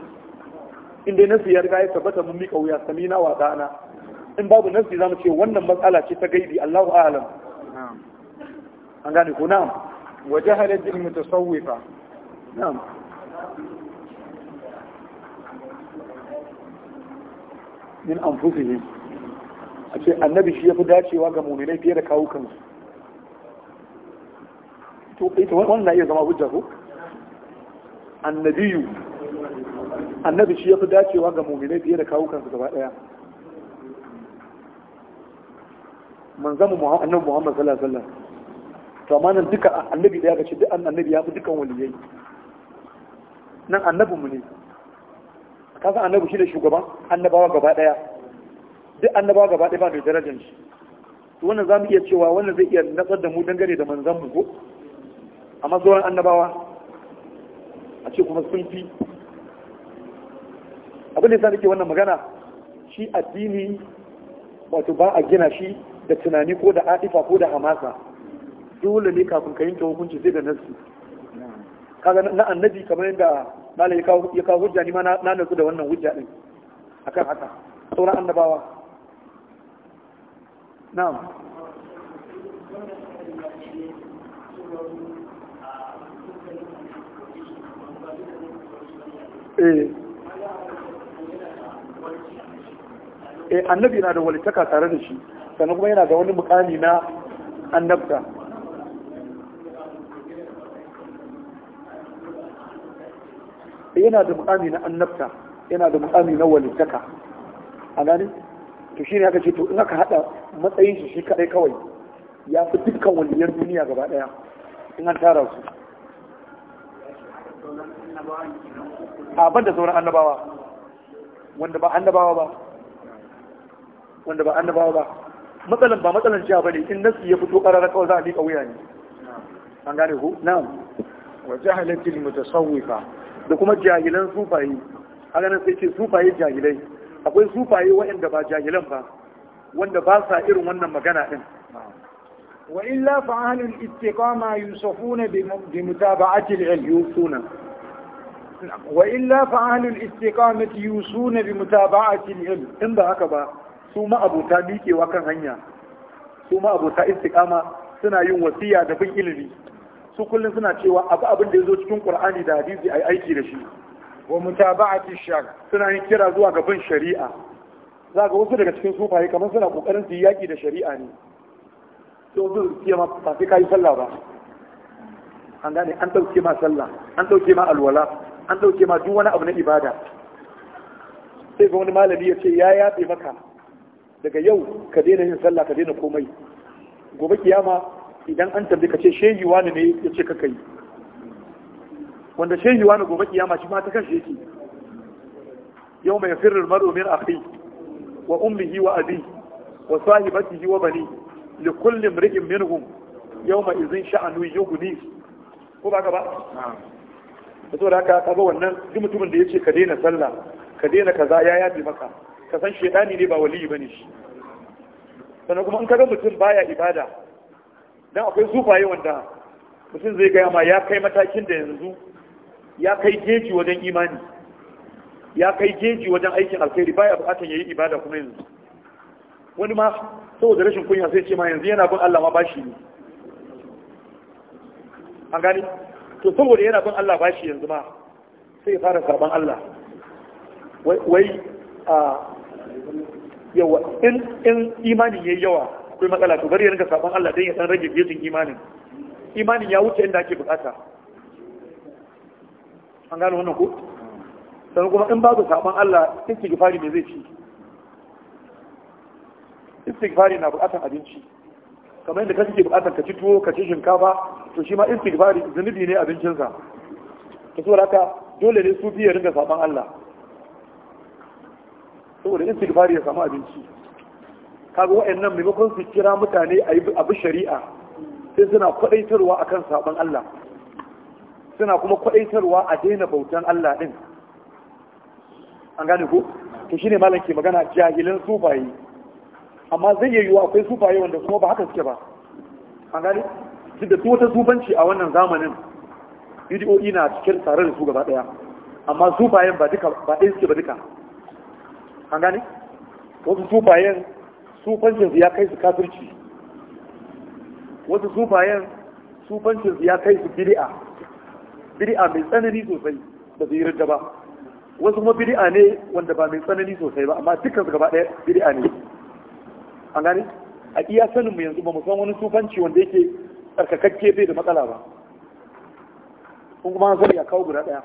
Speaker 2: in dai nasi ya riga ya tabbata mun miƙa wuya sami na wa ɗana in babu nasi za mu ce wannan matsala ce ta gaibi Allahu a'lam an gane ko na'am wa jahalat mutasawwifa na'am min anfusihi a ce annabi shi ya fi dacewa ga muminai fiye da kawo kansu to ita wannan na iya zama hujja ko annabiyu annabi shi ya fi dacewa ga muminai fiye da kawo kansu gaba daya mu annabi muhammad sallallahu alaihi wasallam to amma nan duka annabi da ya ga shi duk annabi ya fi dukan waliyai nan annabinmu ne ka san annabi shi da shugaban annabawa gaba daya duk annabawa gaba daya ba mai darajar shi to wannan zamu iya cewa wannan zai iya nasar da mu dangane da manzon mu ko amma sauran annabawa a ce kuma sun fi abin da yasa nake wannan magana shi addini wato ba a gina shi da tunani ko da adifa ko da hamasa dole ne kafin ka yanke hukunci sai da nasu kaga na annabi kamar yadda malam ya kawo hujja ni ma na nutsu da wannan hujja din akan haka sauran annabawa na'am eh, eh annabi na da walitaka tare da shi sannan kuma yana da wani mukami na annabta yana da mukami na annabta yana da mukami na walittaka a gani to shi ne aka ce to in aka hada matsayin shi shi kadai kawai ya fi dukkan waliyar duniya gaba daya in an tara su a ban da sauran annabawa wanda ba annabawa ba wanda ba annabawa ba matsalan ba matsalan jiya bane in nasu ya fito karara kawai za a liƙa wuya ne an gane ku na'am wa jahalatil mutasawwifa da kuma jahilan sufaye haka sai ce sufaye jahilai akwai sufaye waɗanda ba jahilan ba wanda ba sa irin wannan magana din wa illa fa ahlul istiqama yusafuna bi mutaba'ati al yusuna wa illa fa ahlul istiqamati yusuna bi mutaba'ati al in ba haka ba su ma abota miƙewa kan hanya su ma abota istiqama suna yin wasiya da bin ilimi su kullum suna cewa abu abin da ya zo cikin ƙur'ani da hadisi a aiki da shi wa mutaba'ati shar suna yin kira zuwa ga bin shari'a za ga wasu daga cikin sufaye kamar suna kokarin su yi yaki da shari'a ne to zo kiyama ba sai kai sallah ba an gane an dauke ma sallah an dauke ma alwala an dauke ma duk wani abu na ibada sai ga wani malami ya ce ya yaɗe maka daga yau ka daina yin sallah ka daina komai gobe kiyama idan an tambaye ka ce shehi wani ne ya ce kakai wanda shehi wani gobe kiyama shi ma kan shehi yau mai firar mar'u min akhi wa ummihi wa abi wa sahibatihi wa bani li kulli imri'in minhum yawma idhin sha'anu yughni ko ba ka ba da saboda da ka ga wannan duk mutumin da ya ce ka daina sallah ka daina kaza ya yafe maka ka san shedani ne ba waliyi bane shi sannan kuma in ka ga mutum baya ibada dan akwai sufaye wanda mutum zai gaya ma ya kai matakin da yanzu ya kai jeji wajen imani ya kai jeji wajen aikin alkhairi baya bukatan yayi ibada kuma yanzu wani ma saboda rashin kunya sai ce ma yanzu yana bin Allah ma bashi ne an gani to saboda yana bin Allah bashi yanzu ma sai fara karban Allah wai a yawa in imani yayi yawa akwai matsala to bari ya rinka Allah dan ya san rage gejin imanin imanin ya wuce inda ake bukata an gano wannan ko sannan kuma in ba su sabon Allah istighfari me zai ci istighfari na bukatan abinci kamar yadda kake bukatan ka ci tuwo ka ci shinkafa to shi ma istighfari zunubi ne abincin sa to so haka dole ne su biya rinka sabon Allah saboda istighfari ya samu abinci kaga nan maimakon su kira mutane a yi abu shari'a sai suna a kan sabon Allah suna kuma kwaɗaitarwa a daina bautan Allah din an gane ko to shine malam ke magana jahilan sufaye amma zai yi yiwuwa akwai sufaye wanda kuma ba haka suke ba an gane duk da wata sufanci a wannan zamanin bidiyoyi na cikin tare da su gaba ɗaya. amma sufayen ba duka ba ɗaya suke ba duka an gane wasu sufayen sufancinsu ya kai su kafirci wasu sufayen sufancinsu ya kai su bid'a bid'a mai tsanani sosai ba su yi ba wasu kuma bid'a ne wanda ba mai tsanani sosai ba amma dukkan su gaba ɗaya bid'a ne an gane a iya sanin mu yanzu ba mu san wani sufanci wanda yake tsarkakakke bai da matsala ba kun kuma zai ya kawo guda ɗaya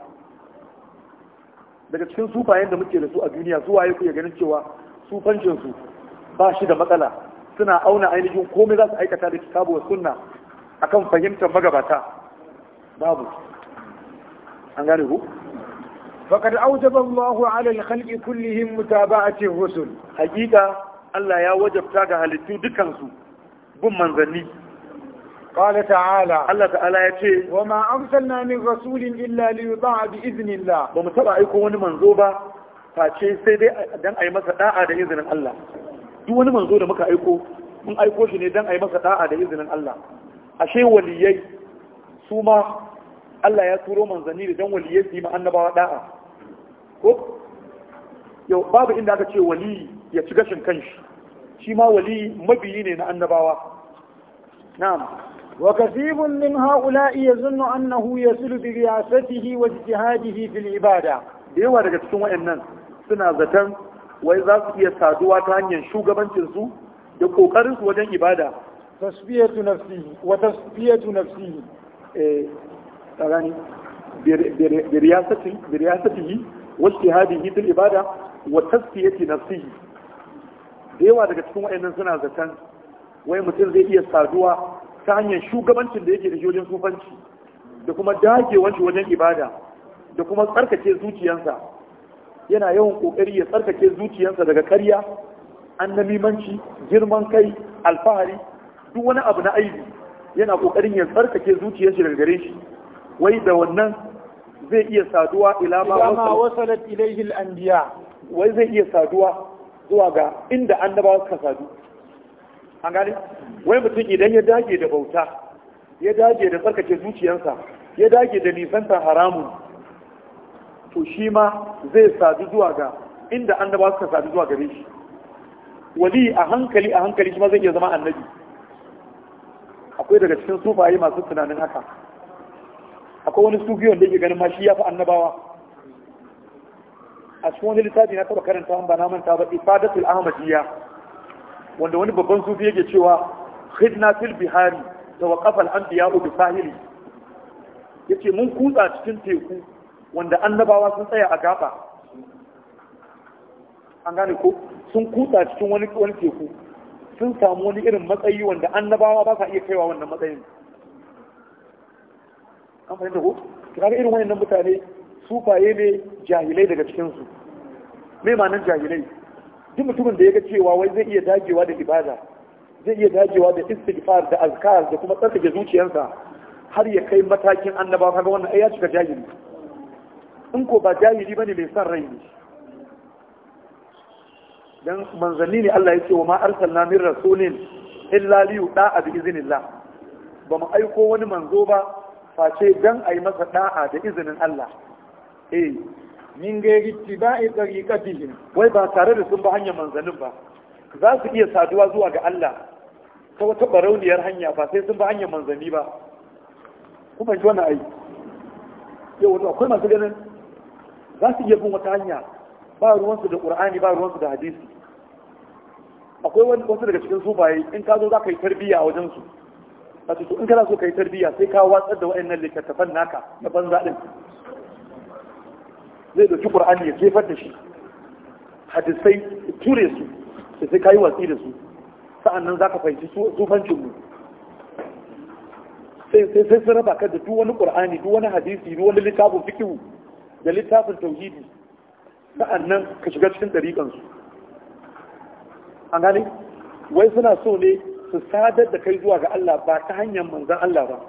Speaker 2: daga cikin sufayen da muke da su a duniya su waye ku ya ganin cewa sufancin su ba shi da matsala suna auna ainihin komai za su aikata da kitabu wa sunna akan fahimtar magabata babu an gane ku faqad awjaba Allahu 'ala al-khalqi kullihim mutaba'ati rusul Hakika Allah ya wajabta ga halittu dukansu bin manzanni قال تعالى الله تعالى يتي وما أرسلنا من رسول إلا ليطاع بإذن الله ومتبع يكون face sai سيدي دان أي مسا داعا دا إذن الله duk wani manzo da muka aiko mun aiko shi ne don a yi masa da'a da izinin Allah ashe waliyai su ma Allah ya turo manzanni da dan waliyai su yi ma annabawa da'a ko yau babu inda aka ce wali ya ci gashin kanshi shi ma wali mabiyi ne na annabawa na'am وكثير من هؤلاء يظن أنه يصل برياسته واجتهاده في العبادة. إيه ورقة سوى إنن سنة زتن wai za su iya saduwa ta hanyar shugabancinsu da ƙoƙarinsu wajen ibada tasbiyatu nafsi wa tasbiyatu nafsi eh tsarani biriyasati biriyasatihi wa ijtihadihi fil ibada wa tasbiyati nafsi da yawa daga cikin wayannan suna zaton wai mutum zai iya saduwa ta hanyar shugabancin da yake da shi wajen sufanci da kuma shi wajen ibada da kuma tsarkake zuciyarsa yana yawan kokari ya tsarkake zuciyarsa daga karya annamimanci girman kai alfahari duk wani abu na aibi yana kokarin ya tsarkake zuciyarsa daga gare shi wai da wannan zai iya saduwa ila ma wasalat ilayhi al-anbiya wai zai iya saduwa zuwa ga inda annabawa suka sadu an gane wai mutum idan ya dage da bauta ya dage da tsarkake zuciyarsa ya dage da nisantar haramun to shi ma zai sadu zuwa ga inda annaba suka sadu zuwa gare shi wali a hankali a hankali shi ma zai iya zama annabi akwai daga cikin sufaye masu tunanin haka akwai wani sufi wanda yake ganin ma shi ya fi annabawa a cikin wani littafi na taɓa karanta ba na manta ba ifadatul ahmadiyya wanda wani babban sufi yake cewa khidna bihari tawaqqafa al anbiya bi sahili yace mun kutsa cikin teku wanda annabawa sun tsaya a gaba an gane ko sun kutsa cikin wani wani teku sun samu wani irin matsayi wanda annabawa ba sa iya kaiwa wannan matsayin an fahimta ko kaga irin wannan mutane sufaye ne jahilai daga cikin su me ma'anar jahilai duk mutumin da ya ga cewa wai zai iya dagewa da ibada zai iya dagewa da istighfar da azkar da kuma tsarkake zuciyarsa har ya kai matakin annabawa kaga wannan ai ya cika jahili in ko ba jahili bane mai san rai ne dan manzanni ne Allah yake wa ma arsalna min rasulin illa li yuda'a bi iznillah ba mu aiko wani manzo ba face dan ayi masa da'a da izinin Allah eh min ga ittiba'i tariqatihim wai ba tare da sun ba hanyar manzannin ba za su iya saduwa zuwa ga Allah ta wata barauniyar hanya ba sai sun ba hanyar manzanni ba kuma ji wannan ai yau wato akwai masu ganin za su iya bin wata hanya ba ruwansu da ƙur'ani ba ruwansu da hadisi akwai wasu daga cikin sufaye in ka zo za ka yi tarbiyya a wajensu a cikin in kana so ka yi tarbiyya sai ka watsar da wa'annan littattafan naka na banza ɗin zai ɗauki ƙur'ani ya jefar da shi hadisai ture su sai sai ka yi watsi da su Sa'an nan za ka fahimci sufancin mu sai sai sai sun raba ka da duk wani ƙur'ani duk wani hadisi duk wani littafin fikihu da littafin tauhidi sa'annan ka shiga cikin ɗariƙansu an gani wai suna so ne su sadar da kai zuwa ga Allah ba ta hanyar manzan Allah ba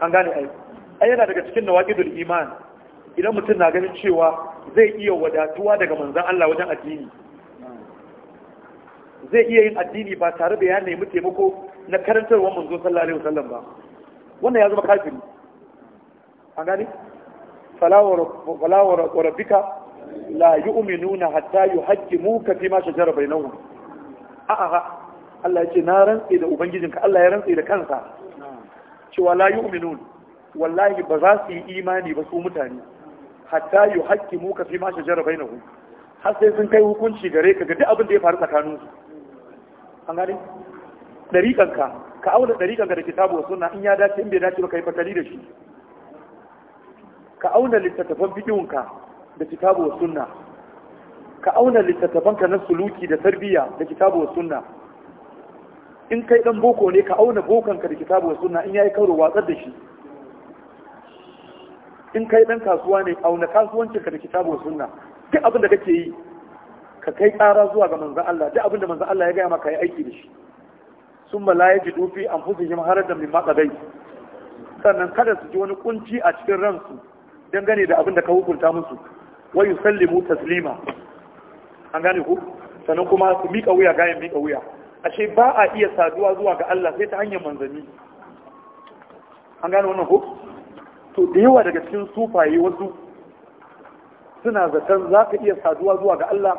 Speaker 2: an gani ai ai yana daga cikin nawaqidul iman idan mutum na ganin cewa zai iya wadatuwa daga manzan Allah wajen addini zai iya yin addini ba tare da ya nemi taimako na karantarwar manzo sallallahu alaihi wasallam ba wannan ya zama kafiri a gani falawar rabbika la yu'minuna hatta yuhaqqimu ka fi ma shajara bainahum a a Allah ya ce na rantse da ubangijinka Allah ya rantse da kansa cewa la yu'minun wallahi ba za su yi imani ba su mutane hatta yuhaqqimu ka fi ma shajara bainahum har sai sun kai hukunci gare ka ga duk abin da ya faru tsakanin su an gani dariƙanka ka auna dariƙanka da kitabu wa sunna in ya dace in bai dace ba ka yi fatali da shi ka auna littattafan bidiyonka da kitabu wa sunna ka auna littattafanka na suluki da tarbiyya da kitabu wa sunna in kai dan boko ne ka auna bokanka da kitabu wa sunna in yayi karo watsar da shi in kai dan kasuwa ne auna kasuwancinka da kitabu wa sunna duk abin da kake yi ka kai tsara zuwa ga manzon Allah duk abin da manzon Allah ya gaya maka yi aiki da shi sun ma la yajidu fi anfusihim harajan mimma qadai sannan kada su ji wani kunci a cikin ransu dangane da abin da ka hukunta musu wayu sallimu taslima an gane ku sannan kuma su miƙa wuya gayan miƙa wuya ashe ba a iya saduwa zuwa ga Allah sai ta hanyar manzanni an gane wannan ku to da yawa daga cikin sufaye wasu suna zaton za ka iya saduwa zuwa ga Allah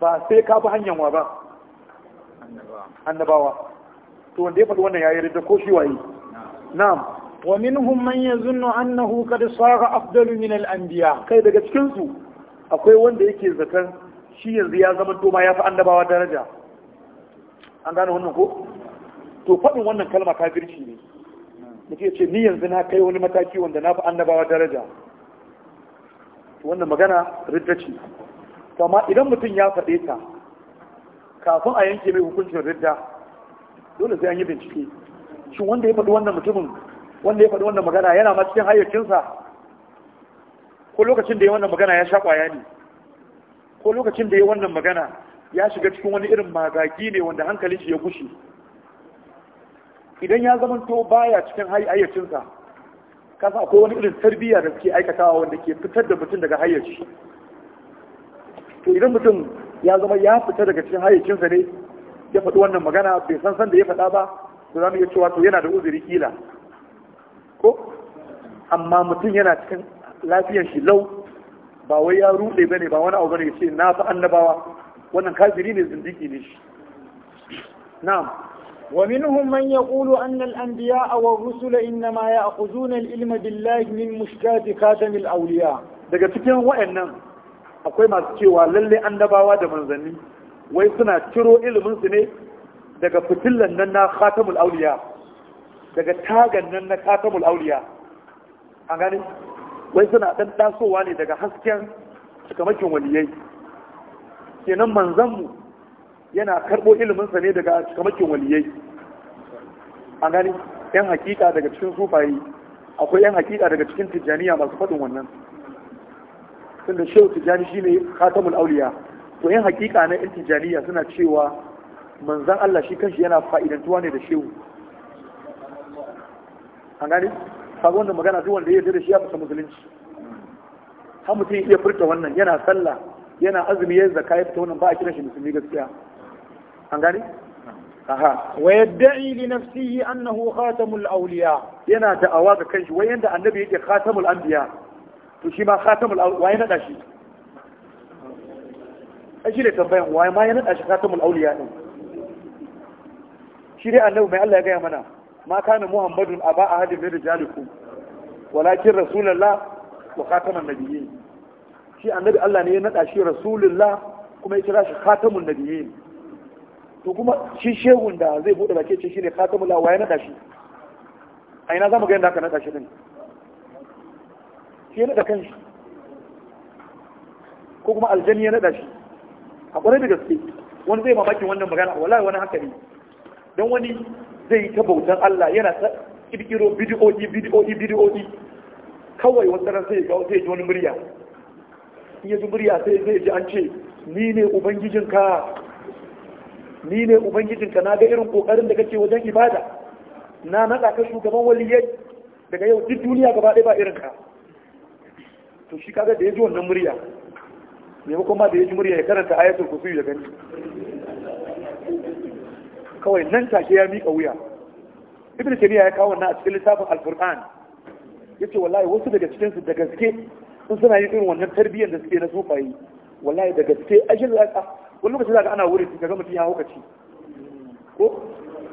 Speaker 2: ba sai ka bi hanyar wa ba annabawa to wanda ya faɗi wannan yayi ridda ko shi waye na'am ومنهم من يظن أنه قد صار أفضل من الأنبياء كي دقا تكنسو أقوي وان دي كي زكر شي يزيا زمن annabawa يفا An ودرجة أنغان ko? to faɗin wannan kalma kafirci ne mutum ce ni yanzu na kai wani mataki wanda na fi annabawa daraja wannan magana ridda ce kama idan mutum ya faɗe ta kafin a yanke mai hukuncin ridda dole sai an yi bincike shin wanda ya faɗi wannan mutumin wanda ya faɗi wannan magana yana ma cikin hayyacinsa ko lokacin da ya wannan magana ya sha ƙwaya ne ko lokacin da ya wannan magana ya shiga cikin wani irin magagi ne wanda hankalin shi ya gushi. idan ya zama to baya cikin hayyacinsa kasa akwai wani irin tarbiyya da suke aikatawa wanda ke fitar da mutum daga hayyaci to idan mutum ya zama ya fita daga cikin hayyacinsa ne ya faɗi wannan magana bai san san da ya faɗa ba to za mu iya cewa to yana da uzuri kila ko amma mutum yana cikin lafiyar shi lau ba wai ya rude bane ba wani abu bane ya ce na fi annabawa wannan kafiri ne zindiki ne shi na'am ومنهم من يقول أن الأنبياء والرسل al-ilma billahi min mushkat مشكات al-awliya daga cikin wa'annan akwai masu cewa lalle annabawa da manzanni wai suna ciro ilimin su ne daga fitillan nan na khatamul awliya daga tagan nan na katamul auliya an gani wai suna dan tasowa ne daga hasken cikamakin waliyai kenan manzanmu yana karbo iliminsa ne daga cikamakin waliyai an gani yan hakika daga cikin sufayi akwai yan hakika daga cikin tijjaniya masu faɗin wannan da shehu tijjani shine katamul auliya to yan hakika na yan tijjaniya suna cewa manzan Allah shi kanshi yana fa'idantuwa ne da shehu an gane kaga wannan magana duk wanda ya yarda da shi ya fasa musulunci har mutum iya furta wannan yana sallah yana azumi yanzu zakka ya fita wannan ba a kiran shi musulmi gaskiya an gane aha wa yad'i li nafsihi annahu khatamul awliya yana awa ga kanshi wai yanda annabi yake khatamul anbiya to shi ma khatamul waye nada shi ai shi ne tambayan waye ma ya nada shi khatamul awliya din shi dai annabi mai Allah ya gaya mana ma kana muhammadun aba ahadin min rijalikum walakin rasulullah wa khataman nabiyyin shi annabi Allah ne ya nada shi rasulullah kuma ya kira shi khatamun nabiyyin to kuma shi shehun da zai bude baki ce shine khatamul la ya nada shi a ina zamu ga yanda aka nada shi din shi ya nada kanshi ko kuma aljani ya nada shi a kwarai da gaske wani zai mamakin wannan magana wallahi wani haka ne dan wani zai yi ta bautan Allah yana ta kirkiro bidiyoyi bidiyoyi bidiyoyi kawai wata ran sai ga sai ji wani murya in ya ji murya sai zai ji an ce ni ne ubangijinka ni ne ubangijinka na ga irin kokarin da kake wajen ibada na naɗa ka shugaban waliyai daga yau duk duniya gaba ɗaya ba irinka to shi kaga da ya ji wannan murya maimakon ma da ya ji murya ya karanta ayatul kursi ya gani kawai nan take ya miƙa wuya ibn taymiya ya kawo wannan a cikin littafin alqur'an yace wallahi wasu daga cikin su da gaske sun suna yin irin wannan tarbiyyar da suke na sufayi wallahi da gaske ajin zaka wani lokaci zaka ana wuri kaga mutum ya hukaci ko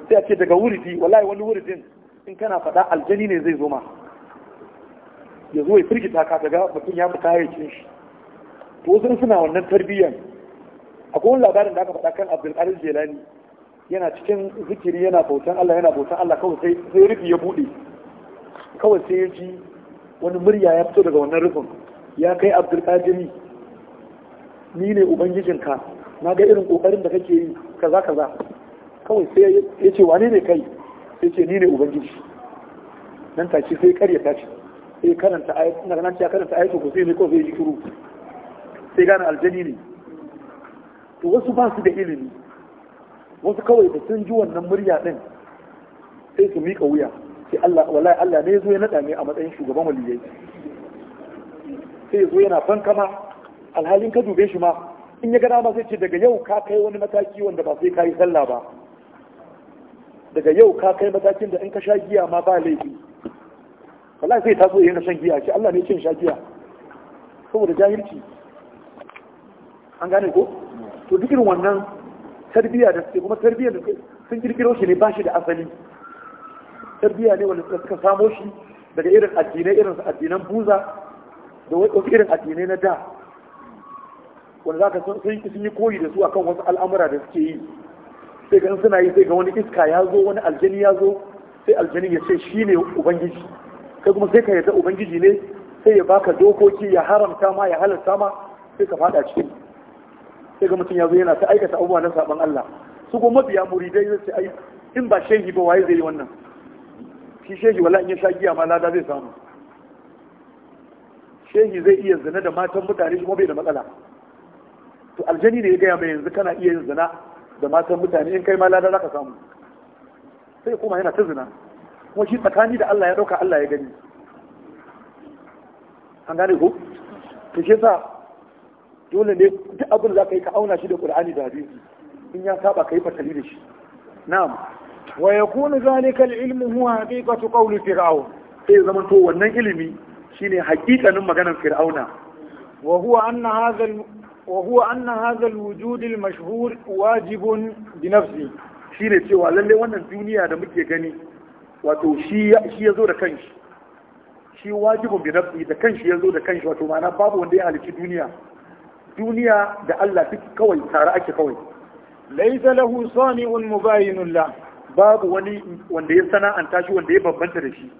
Speaker 2: sai a ce daga wuridi wallahi wani wuri din in kana faɗa aljani ne zai zo ma ya zo ya firgita ka daga mutum ya fita ya cin shi to wasu suna wannan tarbiyyar akwai wani labarin da aka faɗa kan abdulkadir jelani yana cikin zikiri yana bautan Allah yana bautan Allah kawai sai rufi ya bude kawai sai ya ji wani murya ya fito daga wannan rufin ya kai Abdul Qadiri ni ne ubangijinka na ga irin kokarin da kake yi kaza kaza kawai sai ya ce wane ne kai sai ce ni ne ubangiji nan take sai karya ta ce sai karanta ayatu na nan ta karanta ayatu ko sai ne ko sai ji shiru sai gane aljani ne to wasu ba su da ilimi wasu kawai da sun ji wannan murya din sai su mika wuya sai Allah wallahi Allah ne yazo ya nada ne a matsayin shugaban waliyai sai yazo yana fankama alhalin ka dube shi ma in ya ga dama sai ce daga yau ka kai wani mataki wanda ba sai kai sallah ba daga yau ka kai matakin da in ka sha giya ma ba laifi wallahi sai taso yana shan giya shi Allah ne cin sha giya saboda jahilci an gane ko to duk irin wannan tarbiyya da suke kuma tarbiyyar da sun kirkiro shi ne ba shi da asali tarbiyya ne wanda suka samo shi daga irin addinai irin addinan buza da wasu irin addinai na da wanda zaka sun sun yi koyi da su akan wasu al'amura da suke yi sai ga suna yi sai ga wani iska ya zo wani aljani ya zo sai aljani ya ce shi ne ubangiji kai kuma sai ka yarda ubangiji ne sai ya baka dokoki ya haramta ma ya halarta ma sai ka fada cikin sai ga mutum ya zo yana ta aikata abubuwa na saban Allah su ko mabiya muridai zai ce ai in ba shehi ba waye zai yi wannan shi shehi wala in ya sha giya ma lada zai samu shehi zai iya zina da matan mutane kuma bai da matsala to aljani ne ya gaya mai yanzu kana iya yin zina da matan mutane in kai ma lada zaka samu sai kuma yana ta zina kuma shi tsakani da Allah ya dauka Allah ya gani an gane ko to shi yasa dole ne duk abin za ka yi ka auna shi da qur'ani da hadisi in ya saba ka yi fatali da shi na'am wa yakunu zalika al-ilmu huwa haqiqatu qawli fir'aun sai zaman to wannan ilimi shine hakikanin maganar fir'auna wa huwa anna hadha wa huwa anna hadha al-wujud al-mashhur wajibun bi nafsi shine cewa lalle wannan duniya da muke gani wato shi shi yazo da kanshi shi wajibun bi nafsi da kanshi yazo da kanshi wato ma'ana babu wanda ya halici duniya duniya da Allah duk kawai tare ake kawai laisa lahu sani'un mubayinun la babu wani wanda ya sana'anta shi wanda ya bambanta da shi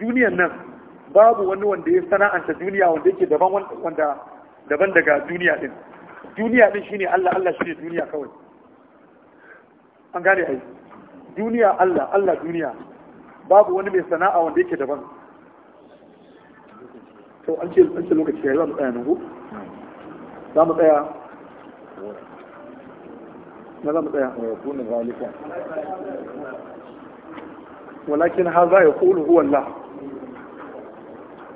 Speaker 2: duniyan nan babu wani wanda ya sana'anta duniya wanda yake daban wanda daban daga duniya din duniya din shine Allah Allah shine duniya kawai an gane ai duniya Allah Allah duniya babu wani mai sana'a wanda yake daban to an ce lokaci ya yi ba tsaya nan ko za mu tsaya na za mu tsaya walakin haza ya kulu huwa Allah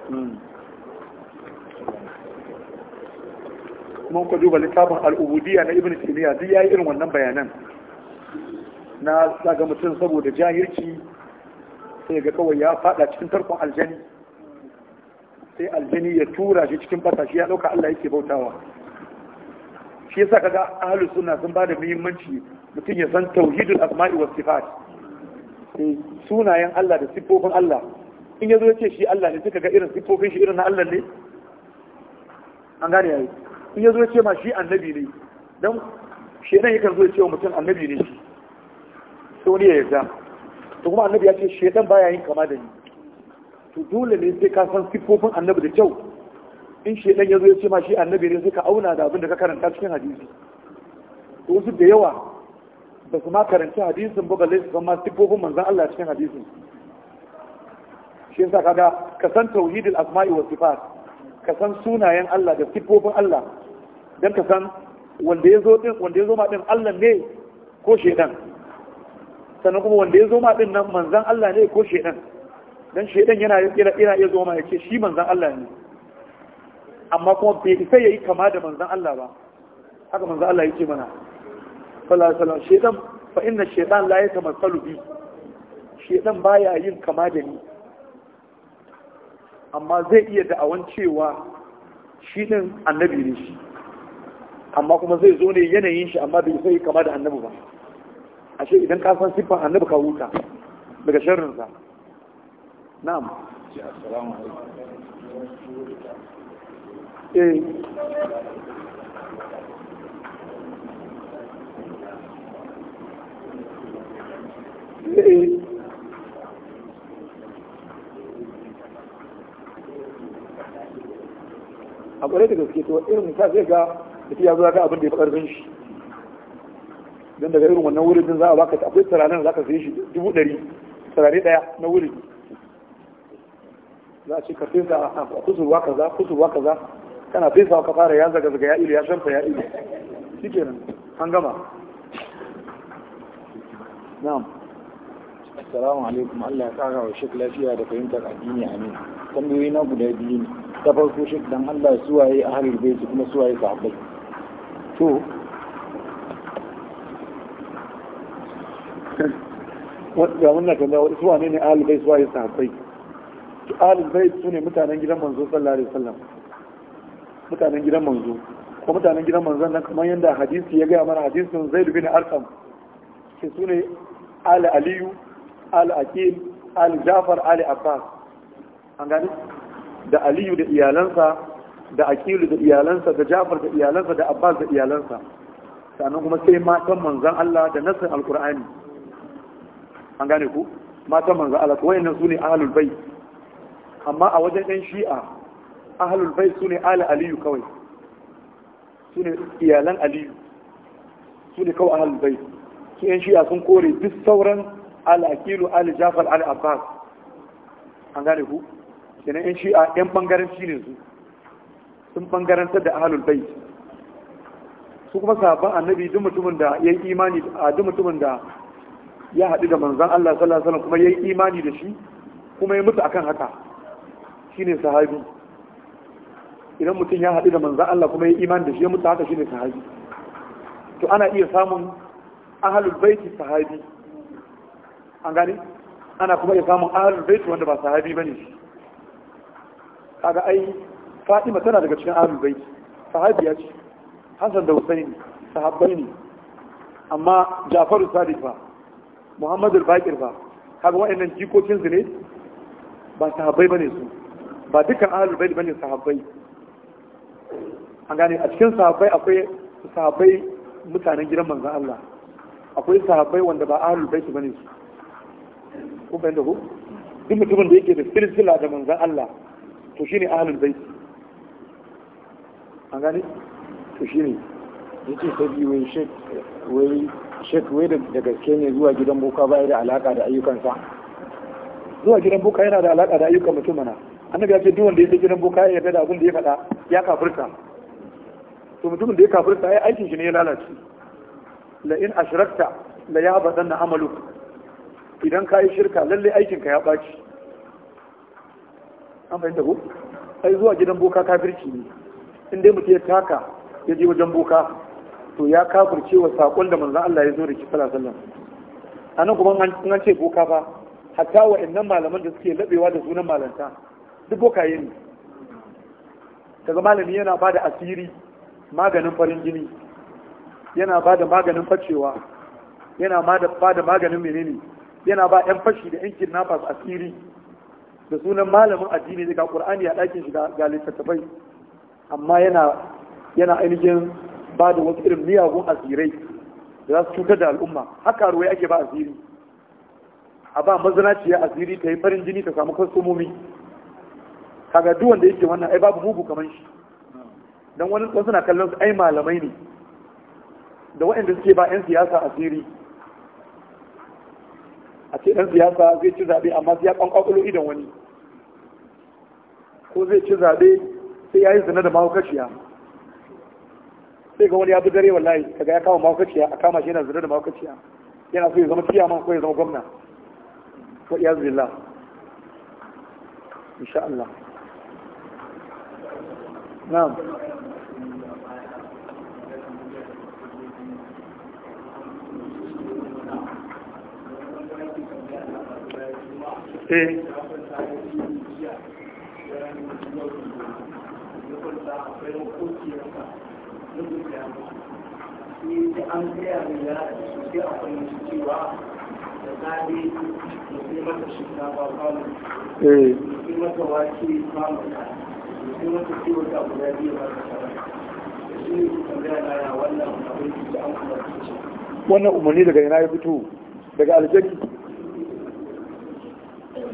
Speaker 2: hmm. mun ku duba littafin al'ubudiyya na ibn taymiya duk yayi irin wannan bayanan na zaga mutum saboda jahilci sai ga kawai ya fada cikin tarkon aljani sai aljani ya tura shi cikin fasashi shi ya dauka Allah yake bautawa shi yasa kaga ahlus sunna sun bada muhimmanci mutum ya san tauhidul asma'i was sifat eh, sunayen Allah da siffofin Allah in yazo yace shi Allah ne suka ga irin siffofin shi irin na Allah ne an gane yayi in yazo yace ma shi annabi ne dan shedan yakan zo ya ce wa mutum annabi ne shi sai ya yarda to kuma annabi ya ce shedan baya yin kama da ni to dole ne sai ka san siffofin annabi da kyau in shi ya zo ya ce ma shi annabi ne suka auna da abin da ka karanta cikin hadisi to su da yawa ba su ma karanta hadisin ba balle su san ma tibbobin manzon Allah cikin hadisin shi yasa kaga ka san tauhidul asma'i wa sifat ka san sunayen Allah da tibbobin Allah dan ka san wanda ya zo din wanda yazo ma din Allah ne ko shedan sannan kuma wanda ya zo ma din nan manzon Allah ne ko shedan dan shedan yana yana iya zo ma yake shi manzon Allah ne amma kuma bai isa yayi kama da manzon Allah ba haka manzon Allah yake mana sallallahu alaihi wasallam shedan fa inna shaytan la yatamassalu bi shedan baya yin kama da ni amma zai iya da'awan cewa shi din annabi ne shi amma kuma zai zo ne yanayin shi amma bai sai kama da annabi ba ashe idan ka san siffar annabi ka huta daga sharrinsa
Speaker 1: na'am Eh. Eh.
Speaker 2: a kwarai da gaske to irin ta zai ga da ya zuwa ga abin da ya fi shi don daga irin wannan wurin din za a baka akwai tsaranin za ka sai shi dubu ɗari turare ɗaya na wurin za a ce ka sai a kusurwa kaza kusurwa kaza kana fesa ka fara ya zaga zaga ya ilu ya shanta ya ilu nan, an gama na'am assalamu alaikum Allah ya kara wa shek lafiya da fahimtar addini amin tambayoyi na guda biyu ne ta farko shek dan Allah suwaye ahlul bait kuma suwaye sahabbai to ga wannan kan dawo suwa ne ne ahlul waye suwaye sahabbai ahlul su sune mutanen gidan manzo sallallahu alaihi wasallam mutanen gidan manzo ko mutanen gidan manzon nan kamar yadda hadisi ya gaya mana hadisin zaid bin arqam ke sune al aliyu al aqil al jafar al abbas an gani da aliyu da iyalansa da aqilu da iyalansa da jafar da iyalansa da abbas da iyalansa sannan kuma sai matan manzon Allah da nasin alqur'ani an gane ku matan manzon Allah ko wayannan sune ahlul bait amma a wajen ɗan shi'a ahalul bai su ne ala aliyu kawai su ne iyalan aliyu su ne kawai ahalul bai su yan shiya sun kore duk sauran ala akilu ala jafar ala abbas an gane ku kenan yan shiya yan bangaren shi ne su sun bangarantar da ahalul bai su kuma sabon annabi duk mutumin da ya yi imani a duk mutumin da ya haɗu da manzan Allah sallallahu alaihi wasallam kuma ya yi imani da shi kuma ya mutu akan haka shine sahabi idan mutum ya haɗu da manzan Allah kuma ya iman da shi ya mutu haka shi ne sahabi to ana iya samun ahalul baiti sahabi an gani ana kuma iya samun ahalul baiti wanda ba sahabi ba ne. shi kaga ai Fatima tana daga cikin ahalul baiti ya ce Hassan da Hussein sahabbai ne amma Jafaru Sadiq ba Muhammadu Bakir ba kaga waɗannan jikokin su ne ba sahabbai bane su ba dukkan ahalul baiti ne sahabbai an gane a cikin sahabbai akwai sahabbai mutanen gidan manzan Allah akwai sahabbai wanda ba ahlul baiti bane su ko bayan da ku duk mutumin da yake da silsila da manzan Allah to shine ahlul baiti an gane to shine yake sabi wai shek wai shek wai da gaske ne zuwa gidan boka bai da alaka da ayyukansa zuwa gidan boka yana da alaka da ayyukan mutum mana annabi ya ce duk wanda ya je gidan boka ya yarda da abin da ya faɗa ya kafirta to mutumin da ya kafirta ai aikin shi ne ya lalace la in ashrakta la ya badan na amalu idan ka yi shirka lalle aikin ka ya ɓaci an fahimta ko ai zuwa gidan boka kafirci ne in dai mutum ya taka ya je wajen boka to ya kafirce wa sakon da manzon Allah ya zo da shi sallallahu alaihi anan kuma an ce boka fa hatta wa'annan malaman da suke labewa da sunan malanta duk bokaye ne daga malami yana ba da asiri maganin farin jini yana ba da maganin facewa yana ba da maganin menene yana ba 'yan fashi da 'yan kidnappers asiri da sunan malamin addini daga ƙur'ani a ɗakin shi ga littattafai amma yana ainihin ba da wasu irin miyagun asirai da za su cutar da al'umma haka ruwai ake ba asiri a ba mazanaciya asiri ta yi farin jini ta samu kwastomomi kaga duk wanda yake wannan ai babu mugu kaman shi dan wani wasu na kallon su ai malamai ne da waɗanda suke ba 'yan siyasa asiri a ce ɗan siyasa zai ci zaɓe amma sai ya ƙwanƙwaƙulo idan wani ko zai ci zaɓe sai ya yi zina da mahaukaciya sai ga wani ya bi dare wallahi kaga ya kama mahaukaciya a kama shi yana zina da mahaukaciya yana so ya zama ciyaman ko ya zama gwamna ko ya billah insha Allah na'am
Speaker 1: eh da an gaya mai ya sai a fahimci cewa da wake kwano wata guda biyu ba ta shi ne na wannan abin da an kuma
Speaker 2: wannan umarni daga yana ya fito daga aljanni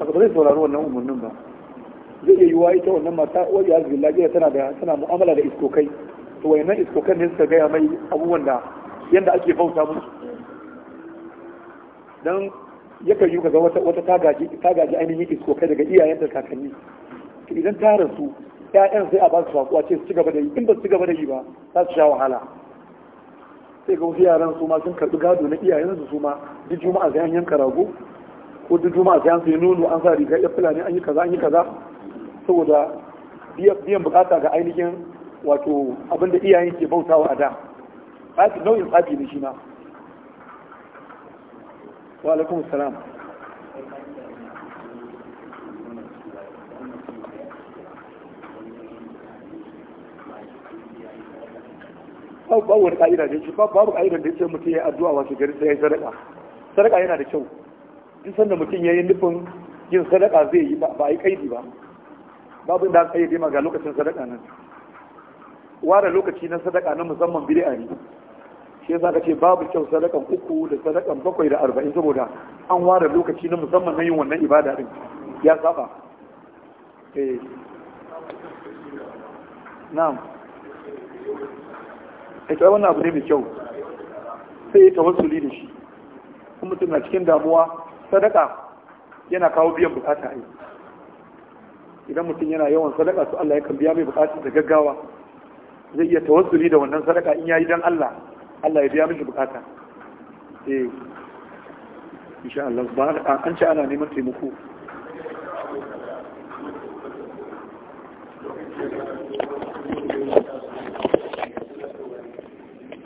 Speaker 2: a ba zai saurari wannan umarnin ba zai iya yiwuwa ita wannan mata wajen arzikin lafiya tana da tana mu'amala da iskokai to wayannan iskokan ne suka gaya mai abubuwan da yadda ake bauta musu don yakan yi kaga wata tagaji ainihin iskokai daga iyayenta kakanni idan ta rasu ƴaƴan sai a ba su sakuwa ce su ci gaba da yi in ba su ci gaba da yi ba za su sha wahala sai ga wasu yaran su ma sun karɓi gado na iyayensu su ma duk juma'a sai an yanka rago ko duk juma'a sai an sai nono an sa riga ya fulani an yi kaza an yi kaza saboda biyan bukata ga ainihin wato abinda iyayen ke bautawa a da nau'in tsafi ne shi ma wa alaikum salam babu wani ka'ida da shi, babu ka'ida da yake mutum ya addu'a wasu gari sai ya sadaka sadaka yana da kyau duk sanda mutum ya yi nufin yin sadaka zai yi ba a yi kaidi ba babu inda aka yi ga lokacin sadaka nan ware lokaci na sadaka na musamman bid'a ne shi yasa ka ce babu kyau sadakan uku da sadakan bakwai da arba'in saboda an ware lokaci na musamman na yin wannan ibada din ya saba eh na'am a wani wannan abu ne mai kyau sai ya tawassuli da shi kuma mutum na cikin damuwa sadaka yana kawo biyan bukata a yi idan mutum yana yawan sadaka su Allah ya kan biya mai bukata da gaggawa zai iya tawassuli da wannan sadaka in yayi dan Allah Allah ya biya mishi bukata eh insha Allah an ci ana neman taimako